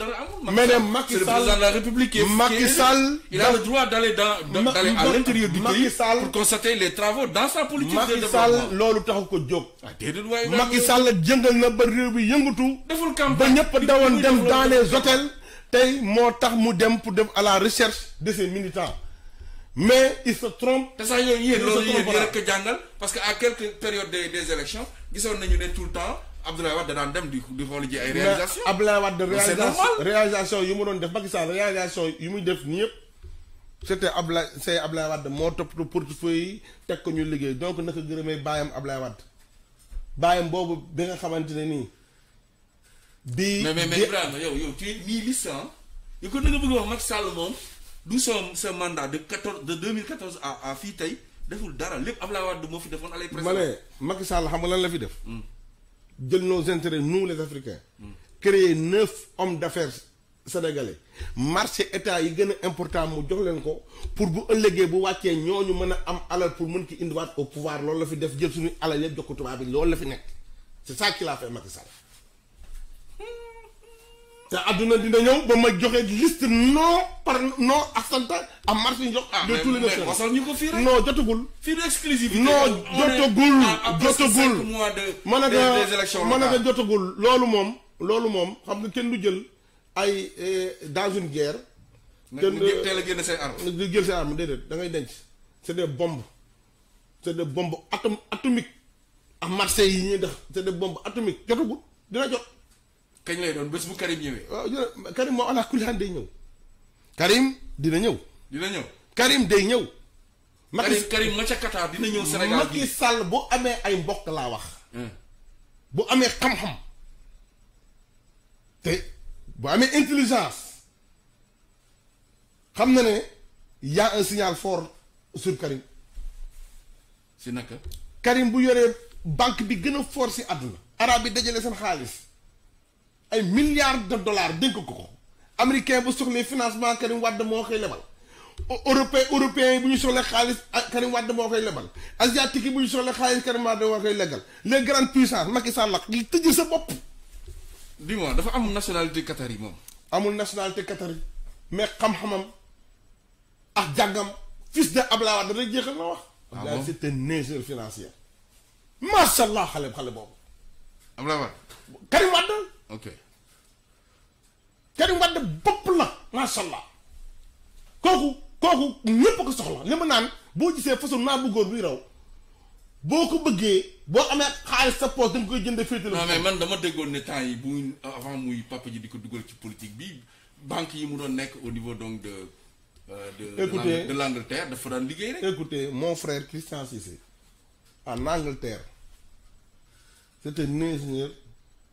Macky Sall la République. Macky Sall il a le droit d'aller dans d'aller à l'intérieur du pays pour constater les travaux dans sa politique de développement Macky Sall loolu taxu ko jóg. ah déedéet waay Macky Sall jëngal na ba réew bi yëngatu. deful campagne ba ñëpp dawoon dem dans les hôtels. tey moo tax mu dem pour def à la recherche de ses militants mais il se trompe. il y a, il loolu yéen parce que à quelques périodes des des élections ils nañu tout le temps Abdoulaye Wade danaan dem du di xool ji ay. réalisation Abdoulaye Wade réalisation réalisation dit que def que réalisation def C'était dit Abdoulaye le portefeuille nous donc naka Bayam Abdoulaye Wade Bayam bi nga que mais mais vraiment, yo yo tu es dit hein? Tu du son ce mandat de 14 de 2014 à à fitay tey deful dara lépp Abdoulaye Wade moo fi defoon alay président ma Macky Sall xam nga lan la fi def. Hmm. jël nos intérêts nous les Africains. Hmm. créer neuf hommes d'affaires sénégalais marché état yi gëna important mu jox leen ko pour bu ëllëgee bu waccé ñooñu mëna am alal pour mën ki indiwaat au pouvoir lool la fi def jël suñu alal yëpp jox ko tubaab bi lool la fi nekk c'est ça qu'il a fait Macky Sall. te adduna dina ñëw ba ma joxe liste non par non ak sant am marché ñu jox. de tous les nations wasal ñu ko fii rek. non jotagul. fii de exclusivité man jotagul jotagul ma ma ne ko jotagul loolu moom. loolu moom xam nga kenn du jël ay eh, dans une guerre. kenn du teel a génn say armes. du jël say armes déedéet da ngay denc c'est des bombes c'est de bombes atom atomiques ak marché yi ñuy def c'est des bombes atomique jotagul dina jot. kañ lay doon bés bu Karim ñëwee. waaw Karim moom ala kulli day ñëw. Karim dina ñëw. dina ñëw Karim day ñëw. Macky Karim ma ca Qatar dina ñëw Sénégal Macky Sall bu amee ay mbokk laa wax. bu amee xam-xam. te bu amee intelligence xam na ne y a un signal fort sur Karim. si naka. Karim bu yore banque bi gën a fort si àdduna. arab bi dajalee seen xaalis. un milliard de dollars dénk ko ko américain bu soxlee financement Karim Wade moo lebal Européens Européens yi bu ñu soxlee Karim Wade moo lebal Asiatiques yi bu ñu soxlee Karim Wade moo koy legal les grandes puissances Macky Sall la li tëjee sa bopp. dis-moi dafa amul nationalité Qatari yi moom. amul nationalité Qatari. yi mais xam-xamam ak jàngam fils de Abdoulaye Wade rek jeexal na wax. waaw ah c'est un ingénieur financier. masha'allah allah xale xale boobu. Karim Wade. ok Karim Wade bopp la macha allah kooku kooku ñëpp ko soxla li ma naan boo gisee façon naa bëggoon buy raw boo ko bëggee boo amee xaalis sa poche danga koy jënde féetale. non mais man dama déggoon ne temps yi bu avant muy papa ji di ko dugal ci politique bi banque yi mu doon nekk au niveau donc de. Euh, de écoutez de l'Angleterre dafa daan liggéey rek. écoutez mon frère Christian Cissé en Angleterre c'était un ingénieur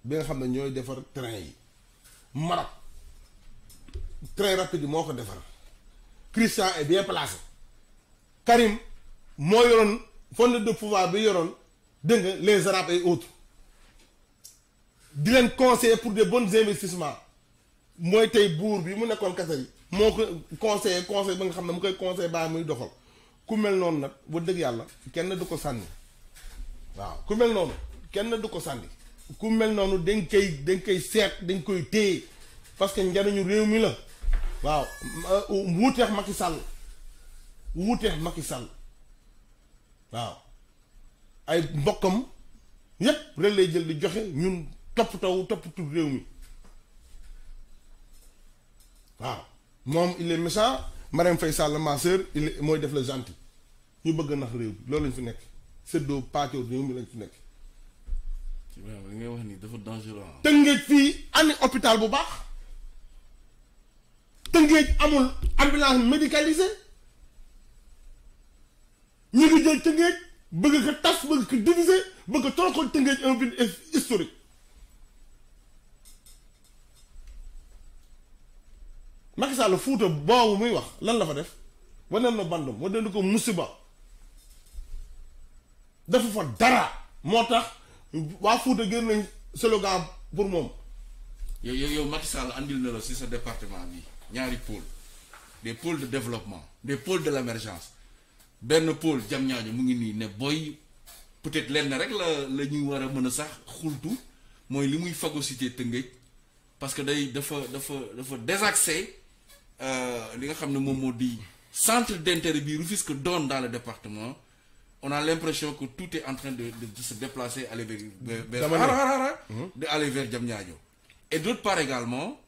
bi nga xam ne ñooy defar train yi Maroc train rapide yi moo ko Christian est bien placé Karim moo yoroon fond de pouvoir bi yoroon dégg les arabes et autres di leen conseiller pour des bons investissements mooy tey buur bi mu nekkoon kese yi moo conseiller conseil ba nga xam ne mu koy conseil baa muy doxal ku mel noonu nag ba dëgg yàlla kenn du ko sànni waaw ku mel noonu kenn du ko sànni ku mel noonu dañ koy dañ koy seet dañ koy téye parce que njariñu réew mi la waaw wuuteex Macky Sall wuuteex Macky Sall waaw ay mbokkam yépp rek lay jël di joxe ñun toppatoo toppatu réew mi waaw moom il est méchant Marème Faye Sall ma sœur il mooy def la gentil ñu bëgg nax réew bi loolu lañ fi nekk séddoo paacoo réew mi lañ fi nekk li ngay wax nii dafa dangereux. Ah. tëngeej fii ani hôpital bu baax tëngeej amul ambulance médicalisée ñu ngi jël tëngeej bëgg ko tas bëgg ko diviser bëgg ko toroxal tëngeej un ville historique Macky Sall Fuuta boobu muy wax lan la fa def waneen na bandum waneen ko musiba dafa fa dara moo tax waa Fouta génn nañ slogan pour moom. yow yow yow Macky Sall andil na la si sa département bi ñaari pôle des pôles de développement des pole de l' émergence benn pôle jam ñaañu mu ngi nii ne booy peut-être lenn rek la la ñuy war a mën a sax xultu mooy li muy fago phagocyté Tëngéej parce que day dafa dafa dafa désaxé euh, li nga xam ne moom moo di centre d' intérêt bi Rufisque doon dans le département. on a l'impression que tout est en train de, de se déplacer aller vers, vers, hum. aller vers Djamniadio. Et d'autre part également,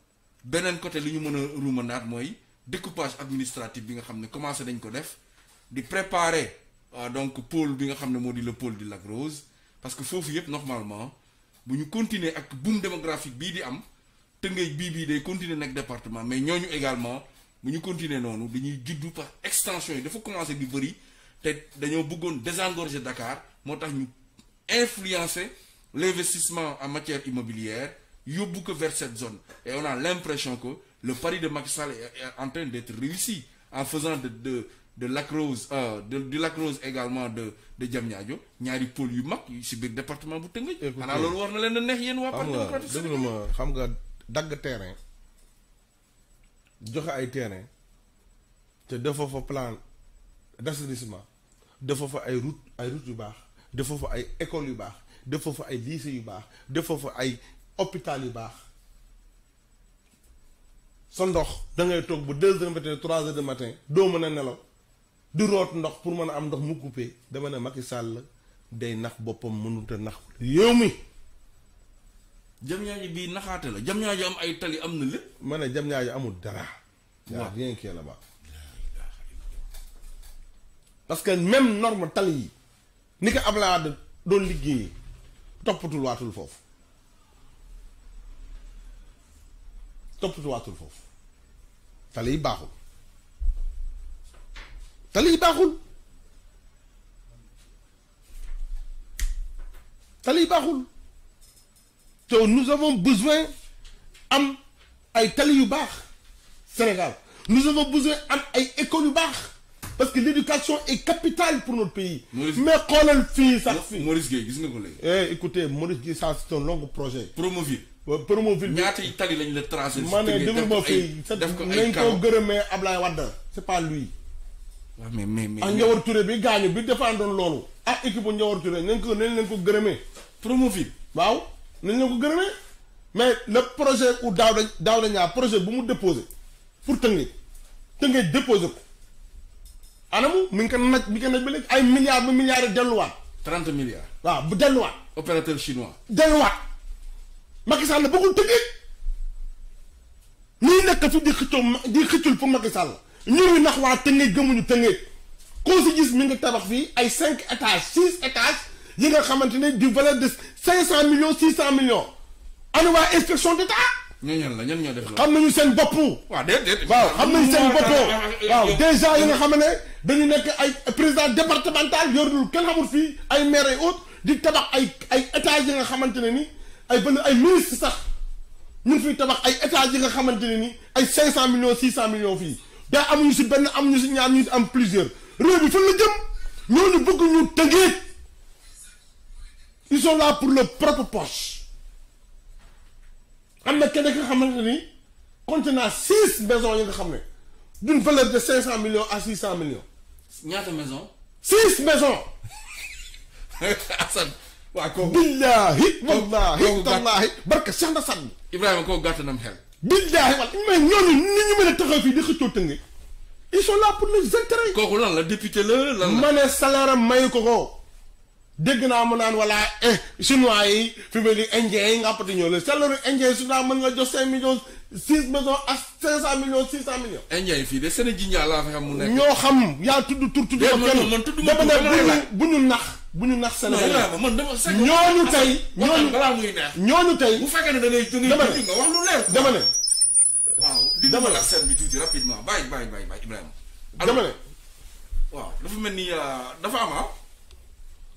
benen côté li mëna roumanade moy découpage administratif bi nga xamné commencé de ko def de préparer euh, donc pôle bi nga xamné le pôle de la grose parce que faut yépp normalement bu ñu continuer ak boom démographique bi di am teungeuy bi bi continuer département mais ñoñu également bu ñu continuer nonu dañuy par extension il faut commencer di nous avons bëggoon désengorger Dakar Nous avons influencé l'investissement en matière immobilière vers cette zone et on a l'impression que le pari de Macky est en train d'être réussi en faisant de de de euh, de de Lacrose également de de Diamniadio ñaari pôle yu mag si biir département bu war na neex yeen wa Parti démocratique xam nga terrain joxe terrain plan. d'assainissement dafa fa ay route ay route yu baax dafa fa ay école yu baax dafa fa ay lycée yu baax dafa fa ay hôpital yu baax sa ndox da ngay toog ba deux heures matin trois de matin doo mën a nelaw du root ndox pour mën a am ndox mu coupé dama ne Macky sàll day nax boppam mënut a nax réew mi. Diamniadio bii naxaate la Diamniadio am ay tali am na lépp. ma ne Diamniadio amul dara. waaw rien qui est parce que même norme tali ni ko abla Wade doon liggéeyee toppatul waatul foofu toppatul waatul foofu tali yi baaxul tali yi baaxul tali yi baaxul te nous avons besoin am ay tali yu baax Sénégal nous avons besoin am ay école yu parce que l'éducation est capitale pour notre pays. Maurice... mais xoolal fii ça fii. Maurice Gueye gis nga ko léegi. Eh, écoutez Maurice Gueye ça c'est un long projet. Promoville. waaw Promoville bi ñaata tali lañ la tracé. ma ne déglu ma fii nañ c'est pas lui. mais mais mais. ak Ndiawar Touré bi gaañu bi defaandoon loolu. ak ah, équipe bu Ndiawar Touré nañ ko nañ leen ko gërëmee. Promoville. waaw nañ leen ko gërëmee. mais le projet ou daaw dañ daaw projet bu mu déposé pour Tëngéej Tëngéej déposé ko. anamu mi ngi ko naj mi ngi ko naj ba léegi ay milliards ba milliards yi delluwaat. trente milliards. waaw bu delluwaat. opérateur chinois. delluwaat. Macky Sall bëggul tëggee. ñuy nekk fi di xëccoo di xëccul pour Macky Sall ñu nax waa tëngee gëmuñu tëngee. koo si gis mi ngi tabax fii ay cinq étages six étages yi nga xamante ne du valeur de cinq cent millions six cent millions. ana waa inspection d' état. ñooñu la ñan ñoo def xam nañu seen bopp. waaw déedéet waaw xam nañu seen bopp. waaw dèjà yi nga xam ne. dañu nekk ay président départemental yorul kenn xamul fi ay maire ay autres di tabax ay ay étages yi nga xamante ni ay bële ay ministre sax ñu ngi fiy tabax ay étages yi nga xamante ni ay 500 millions 600 millions fi da amuñu ci benn amuñu ci ñaar ñu am plusieurs rew bi fan la jëm ñooñu bëgg ñu tënkee ils sont là pour leur propre poche amna kene kenn nga xamante ni compte naa maisons yi nga xam d'une valeur de 500 millions à 600 millions. ñaata maison. six maisons. Assane. waa kooku billaahi wallaahi tallaahi barke Cheikh na Sane. Ibrahima kooku gàtt na mu xel. billaahi mais ñooñu ni ñu mën a taxaw fii di ils sont là pour les intérêts. kooku lan la député le. lan la. salaire am mayu ko ko. dégg naa mu naan wala eh, chinois yi fi mu ne indien yi ngàppati ñëw la salaire indien yi chinois mën la jox cinq millions six maisons ak cinq cent millions six cent millions. indien yi fii de Sénégal laa fa xam mu nekk. ñoo xam yaa tudd tur tudd. kenn man tudd ma tur bu ñu nax bu ñu nax Sénégal man dama. ñooñu tey ñooñu balaa muy neex. ñooñu tey bu fekkee ne da da ngay dama di dama la seen bi tuuti rapidement bàyyi bàyyi bàyyi Ibrahima. dama ne waaw dafa mel ni euh, dafa am ah?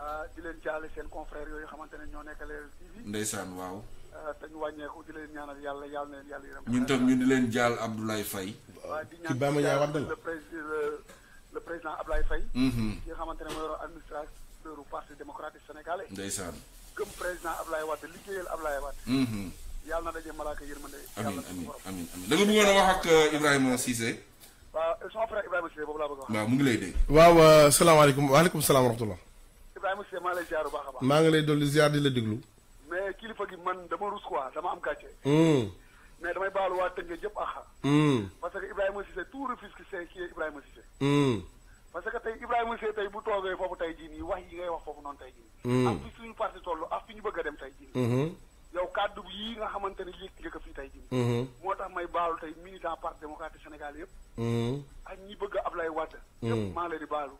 Euh, di leen jaale seen confrère yooyu xamante ne ñoo tv ndeysaan waaw euh, te ñu wàññeeku di leen ñaanal yàlla yàlla na yàlla yërëm ñun tam ñu di leen jaal abdoulaye fay di bama ñaa wadd le président le président abdoulaye fay mm-hmm. ki xamante ne mooy yor administrateur parti démocratique sénégalais ndeysaan gëm président abdoulaye liggéeyal abdoulaye mm-hmm. yàlla na malaaka yërmande amin amin amin amin da nga bëggoon a wax ak euh, ibrahima cissé waaw son frère ibrahima cissé boobu laa bëgg wax waaw mu ngi lay dégg waaw salaamaaleykum waaleykum salaam wa Ibrahima Seye maa lay a maa ngi lay dolli ziar di la déglu. mais kilifa gi man dama rus quoi dama am gàcce. Hmm. mais damay baalu waa Tëngéej yëpp àq. Hmm. parce que Ibrahima Cissé tout Rufisque c'est a Ibrahima Cissé. Hmm. parce que tey Ibrahima Cissé tey bu toogee foofu tey jii nii wax yi ngay wax foofu noonu tey jii. ak fi suñu parti toll ak fi ñu bëgg dem tey jii. yow kàddu yi nga xamante ne yëg nga fii tey jii. moo tax may baalu tey militant parti démocratique Sénégal yëpp. ak ñi bëgg a Ablaye Wade. maa ngi leen di baalu.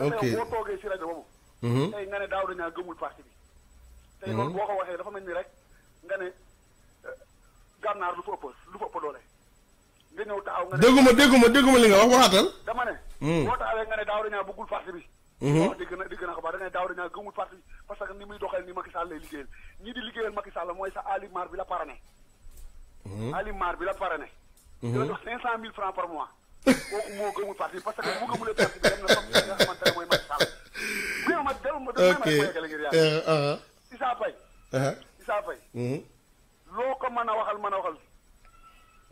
ok tey boo toogee si rajo boobu. Mhm. tey nga ne daaw dañaa gëmul parti bi. tey loolu mhm. boo ko waxee dafa mel ni rek nga ne euh, gànnaar lu fa lu fa ëpp doole. nga ñëw taxaw nga ne dégguma dégguma dégguma li nga wax waxaatal. dama ne. Mhm. boo taxawee nga ne daaw dañaa bëggul parti bi. wax dëgg na na ko baax da ngay daaw dañaa gëmul parti bi parce que ni muy doxal ni Macky Sall lay liggéeyal ñii di liggéeyal Macky Sall mooy sa alimar bi la parrainé. alimar bi la parrainé. dina jox cinq cent mille francs par mois. kooku moo gëmul parce que bu gëmulee parti bi dem na comme nga xamante ne mooy Macky Sall. mais ma dellu ma dama may yegale ngir yàlla. Uh-huh, uh-huh. Issa uh-huh. mm-hmm. loo ko mën a waxal man a waxal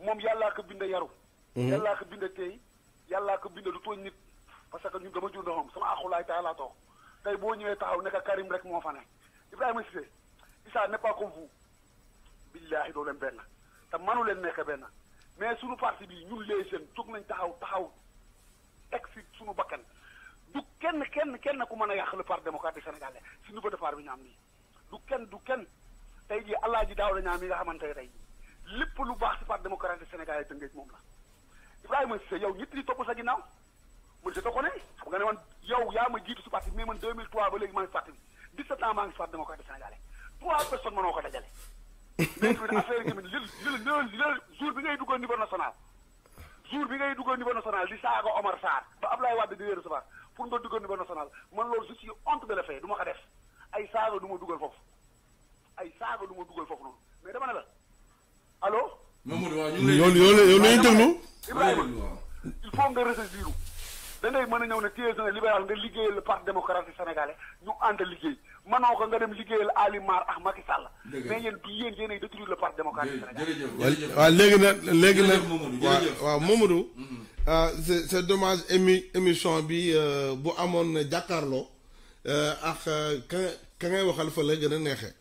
moom yàllaa ko bind yaru. Mm-hmm. yàllaa ko bind tey yàllaa ko bind du tooñ nit. parce que ñun dama jur doomam sama axulaay taala laa toog tey boo ñëwee taxaw nekk Karim rek moo fa ne Ibrahima Cissé Issa n'est pas comme vous. billaahi doo leen benn te manu leen nekk mais suñu parti bi ñun les jeunes jóg nañ taxaw taxaw teg si suñu bakkan du kenn kenn kenn ku mën a yàq le parti démocratique sénégalais si niveau de part bi ñu am nii du kenn du kenn te jii allah ji daaw dañaa mi nga xamante ne tey lépp lu baax si parti démocratique sénégalais tëngeej moom la Ibrahima Cissé yow ñett ñi topp sa ginnaaw man je te connais xam nga ne man yow yaa ma jiitu si parti bi mais man 2003 ba léegi maa parti bi 17 ans maa ngi parti mais tamit affaire yi tamit li li jour bi ngay duggoon niveau national jour bi ngay duggoon niveau national di saaga Omar Sarr ba Ablaye Wade di leen recevoir pour nga duggoon niveau national man loolu je suis honte de le fait du ma ko def ay saaga du ma dugal foofu ay saaga du ma dugal foofu noonu mais dama ne la allo. Mamadou waaw ñu ngi lay. yow yow la yow la ñuy déglu Ibrahima il faut nga ressaisir. da ngay mën a ñëw ne téye na libéral nga liggéeyal parti démocratique sénégalais ñu ànd liggéey mënoo ko nga dem liggéeyal Ali Mar ak Macky Sall. mais yéen bi yéen yéenay détruire le parti démocratique sénégalais. waaw léegi nag léegi nag waaw waaw Mamadou. Mm-hmm. Euh, c'est c'est dommage émi émission bi euh, bu amoon jàkkaarloo euh, ak ka ka ngay waxal fa la gën a neexee.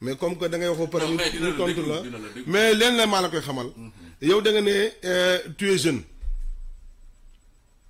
mais comme que da ngay wax ba pare ñu tontu la mais leen la maa la koy xamal. Mm-hmm. yow da nga ne tu es jeune.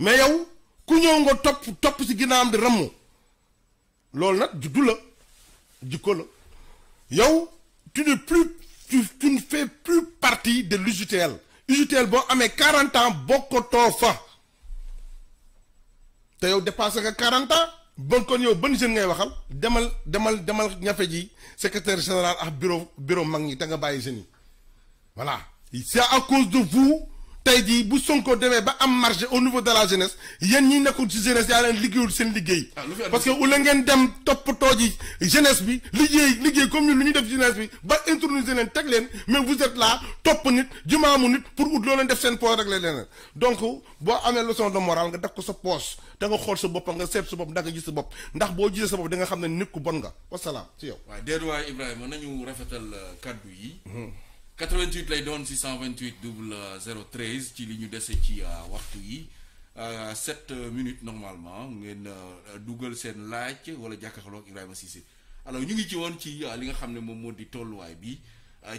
mais yow ku ñëw nga top si ginnaawam di lool nak du dula du ko la yow tu ne plus tu tu ne fais plus partie de l'UJTL UJTL bo amé 40 ans bokkatoo fa te yow dépassé nga 40 ans bon kon yow ban jeune ngay waxal demal demal demal ñafé ji secrétaire général ak bureau bureau mag ñi te nga bayyi voilà c'est à cause de vous tey jii bu Sonko demee ba am marché au niveau de la jeunesse yéen ñi nekkul ci jeunesse ya len liggéeyul sen liguey ah, parce que ou ula ngeen dem top toji jeunesse bi liguey liguey comme ñun luñu def jeunesse bi ba introniser len tek len mais vous êtes là top nit jumaamu nit pour ut loo leen def sen poche rek la donc bo amé leçon de morale nga def ko sa poche da nga xol sa bop nga seet sa bop da nga gis sa bop ndax bo gisee sa bop da nga xamné nit ku bon nga wasalaam ci yow. wa déedéet ibrahim nañu rafetal cadeau euh, yi. Mhm. 88 lay doon 628 013 euh, ci li ñu déssé ci euh, waxtu yi 7 euh, minutes normalement ngeen dougal seen laaj wala jàkkaarloo ak Ibrahima Cissé alors ñu ngi ci won ci li nga xamné mom modi moo di bi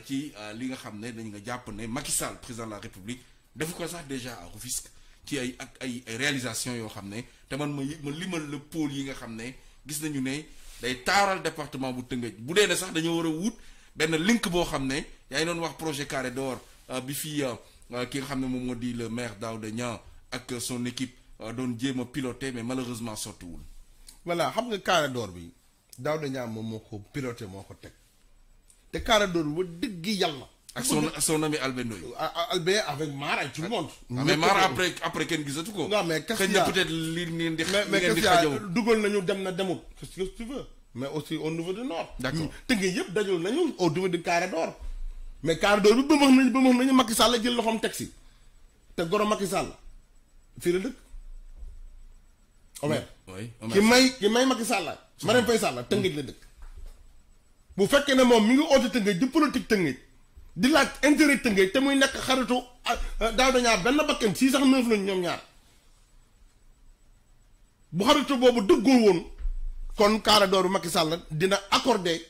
ci li nga xamné dañ nga japp ne Macky Sall président de la République def ko sax déjà à Rufisque ci ay ak ay réalisation yo xamné té man ma limal le pôle yi nga xamné ne gis nañu né day taral département bu Tëngéej bu dé ne sax dañu wara a wut benn link bo xamné y a wax projet carré d'or euh, bi qui euh, euh, ki nga le maire Daouda avec son équipe dont Dieu m'a piloté mais malheureusement tout. voilà xam nga carré d'or bi Daouda Niang moko piloté moko tek teg te carré d'or wa deug dëgg son son ami Albenoy. Alben avec Mara et tout le monde. Ah, mais Mara après après kenn gisatu ko. non mais qu'est-ce peut-être li qu'est di. mais mais dugal nañu dem na ce que tu veux mais aussi au niveau du nord. d'accord te yëpp dajul nañu au niveau du carré d'or mais cardo bi bu bëmëx nañu bëmëx nañu Macky Sall jël loxom taxi té goro Macky Sall fi la dëkk Omer ki may ki may Macky Sall Marème Faye Sall tëngëj la dëkk bu fekkee ne moom mi ngi oote tëngëj di politique tëngëj di laaj intérêt tëngëj te muy nekk xaritu daaw ah, ah, dañaar benn bakkan sii sax neuf lañ ñoom ñaar bu xaritu boobu dëggul woon kon kaara dooru Macky Sall dina accorder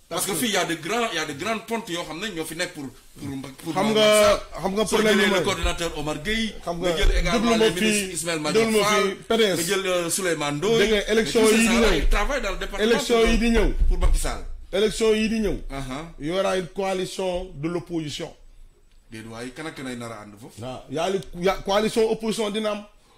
parce que il y' a de grands il y' a de grandes pontes yo xamna ñofi nek pour pour. pour xam nga xam nga pour le coordinateur Omar Gueye. xam nga déglu ma fii déglu ma fii PDS nga jël euh, Souleymane Ndoye. dégg nga élection yi di ñew travail dans le département élection yi di ñew pour Macky Sall. élection yi di ñëw. Uh-huh. y aura une coalition de l'opposition. des déedéet waaye kan ak kan ay nar a ànd ah, coalition opposition dina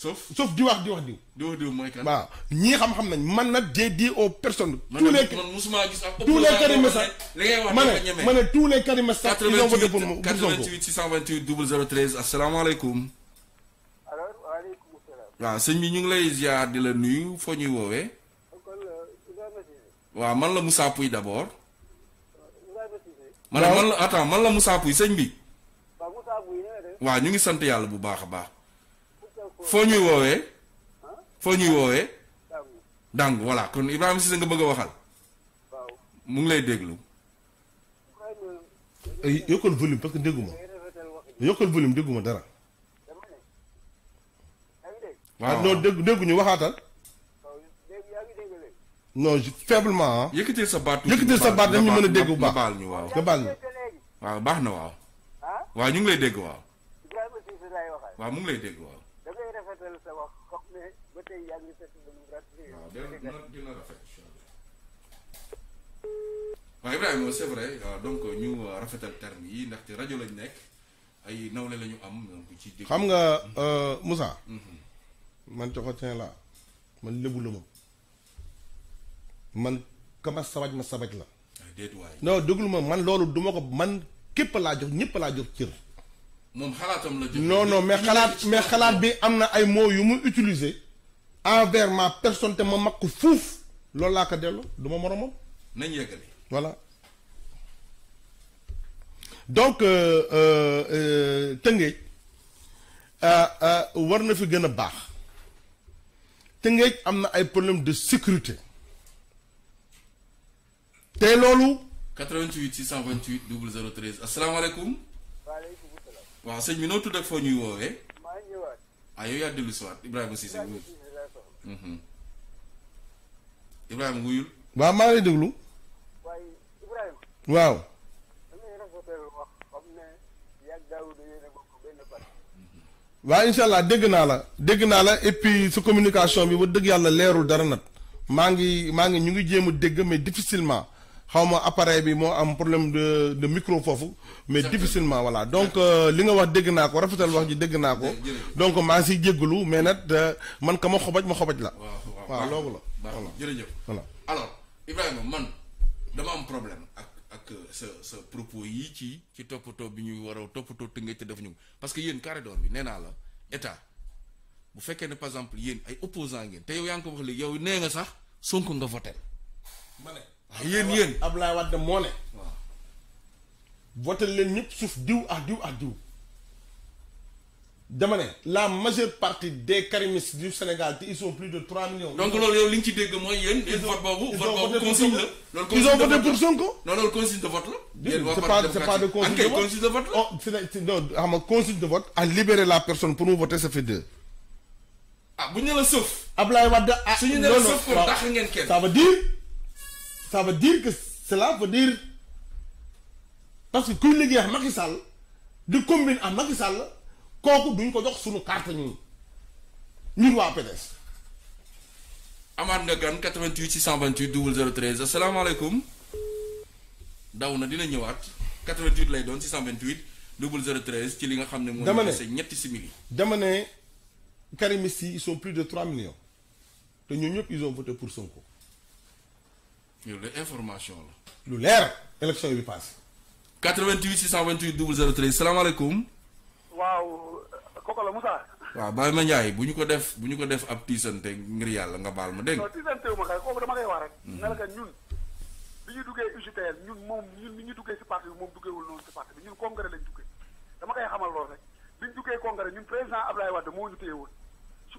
sauf sauf di wax di wax diw. di wax diw mooy kan. waaw ñii xam-xam nañ man nag j'ai dit aux personnes. tous les man musuma gis ak. tous les Karim sax li ngay wax ne ma ne tous les Karim sax. ils ont voté pour Sonko 88 628 waaw sëñ bi ñu ngi lay ziar di la nuyu foo ñuy woowee. Euh, waaw man la Moussa Pouy d' abord. man la man la attends man la Moussa Pouy sëñ bi. waaw ñu ngi sant yàlla bu baax a baax. foo ñuy woowee foo ñuy woowee dàngu voilà kon Ibrahima Cissé nga bëgg a waxal mu ngi lay déglu yokkal volume parce que dégguma yokkal volume dégguma dara waaw ah, non dégg dégguñu waxaatal non faiblement ah. yëkkatil sa baat yëkkatil sa baat dañu mën a dégg bu baal ñu waaw nga baal ñu waaw baax na waaw waaw ñu ngi lay dégg waaw waaw mu ngi lay dégg waaw yi ak li fekk waaw dina ñu rafetal terme yi ndaxte rajo lañ nekk ay nawle lañu am donc ci. xam nga eh, Moussa. man Jokalante laa man lébu la moom man kama sabaj ma sabaj la. Ah, déet waay non ma man loolu duma ko man képp laa jox ñëpp laa jox cër. moom xalaatam la. non non mais xalaat mais xalaat bi am na ay moo yu mu utiliser. envers ma personne te ma ko fouf lol la ko delo du moromam. nañ yegali voilà. donc euh war euh euh, euh, euh warna a gëna bax am amna ay problème de sécurité té lolou 88 628 0013 asalaamaaleykum. alaykoum salaam. waaw sëñ bi noo tudd ak fo ñuy wowe maa ngi ñëwaat. ah Ibrahim yaa dellu Ibrahima Cissé. Mhm. Ibrahima wuyul. waaw maa ngi lay déglu. waaye Ibrahima. waaw. Mhm. waaw incha allah dégg naa la dégg naa la et puis su communication bi ba dëgg yàlla leerul dara nag maa ngi maa ngi ñu ngi jéem a dégg mais difficilement. xaw appareil bi problème de micro mais difficilement voilà donc euh, li nga wax dégg naa rafetal wax donc maa ngi siy mais nag euh, man ka xobaj ma xobaj la waaw la alors Ibrahim man dama am problème ak ak euh, propos yi ci ci toppatoo bi ñu a toppatoo parce que yéen carré bi la état bu ne par exemple yéen ay opposant ngeen te yow yaa ngi ko wax yow yéen yéen Abdoulaye Wade mo ne voté len ñep suuf diw ak diw la majeure partie des karimistes du Sénégal ils sont plus de 3 millions. donc yow ci ils vote bobu vote vous ils ont voté pour Sonko. non de vote c'est pas c'est pas de c'est non le de vote. à libérer la personne pour nous voter ça fait deux. ah bu la Abdoulaye Wade ça veut dire ça veut dire que cela veut dire parce que kuy les ak Macky Sall de combine en Macky Sall kooku duñ ko jox suñu carte ni ni wa PDS. Amad nga gan 88 628 0013 asalaamaaleykum daw dawna dina ñëwaat 88 lay doon 628 0013 ci li nga c'est ne. moo ñetti simili. dama Karim ils sont plus de 3 millions te ils ont voté pour son Sonko. loolu de information la. lu leer élection yi bi paase. 88 628 0013 salaamaaleykum. waaw kooku la Moussa. waaw Baye Ma Ndiaye bu ñu ko def bu ñu ko def ab tiisante ngir yàlla nga baal ma dégg nga. non tiisante wu ma kay kooku dama koy wax rek. ne la ñun bi ñu duggee UGTL ñun moom ñun ni ñu duggee si parti bi moom duggeewul noonu si parti bi ñun congrès lañ duggee dama koy xamal loolu rek bi ñu duggee congrès ñun président Abdoulaye Wade moo ñu téye woon si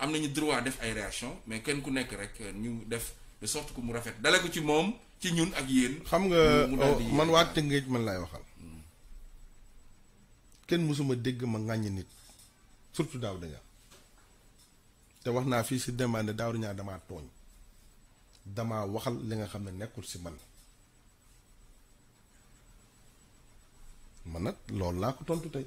am nañu droit def ay réaction mais kenn ku nekk rek ñu def de sorte que mu rafet dalé ko ci mom ci ñun ak yeen xam nga oh, man waa tëngéej man lay waxal kenn musuma dégg ma ŋàññ nit surtout daw dañu té waxna fi ci si demande daaw dañaa damaa tooñ waxal li nga nekkul ci man man lol la ko tontu tay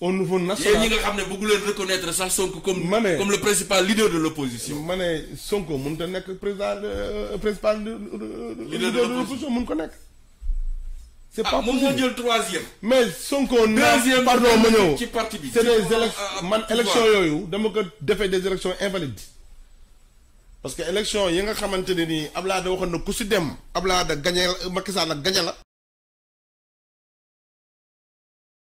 au niveau national Vous voulez reconnaître comme le principal leader de l'opposition Sonko euh, principal leader de l'opposition c'est ah, pas mon troisième mais Sonko deuxième pardon c'est des élections ah, ah, élection des élections invalides parce que l'élection, il y a un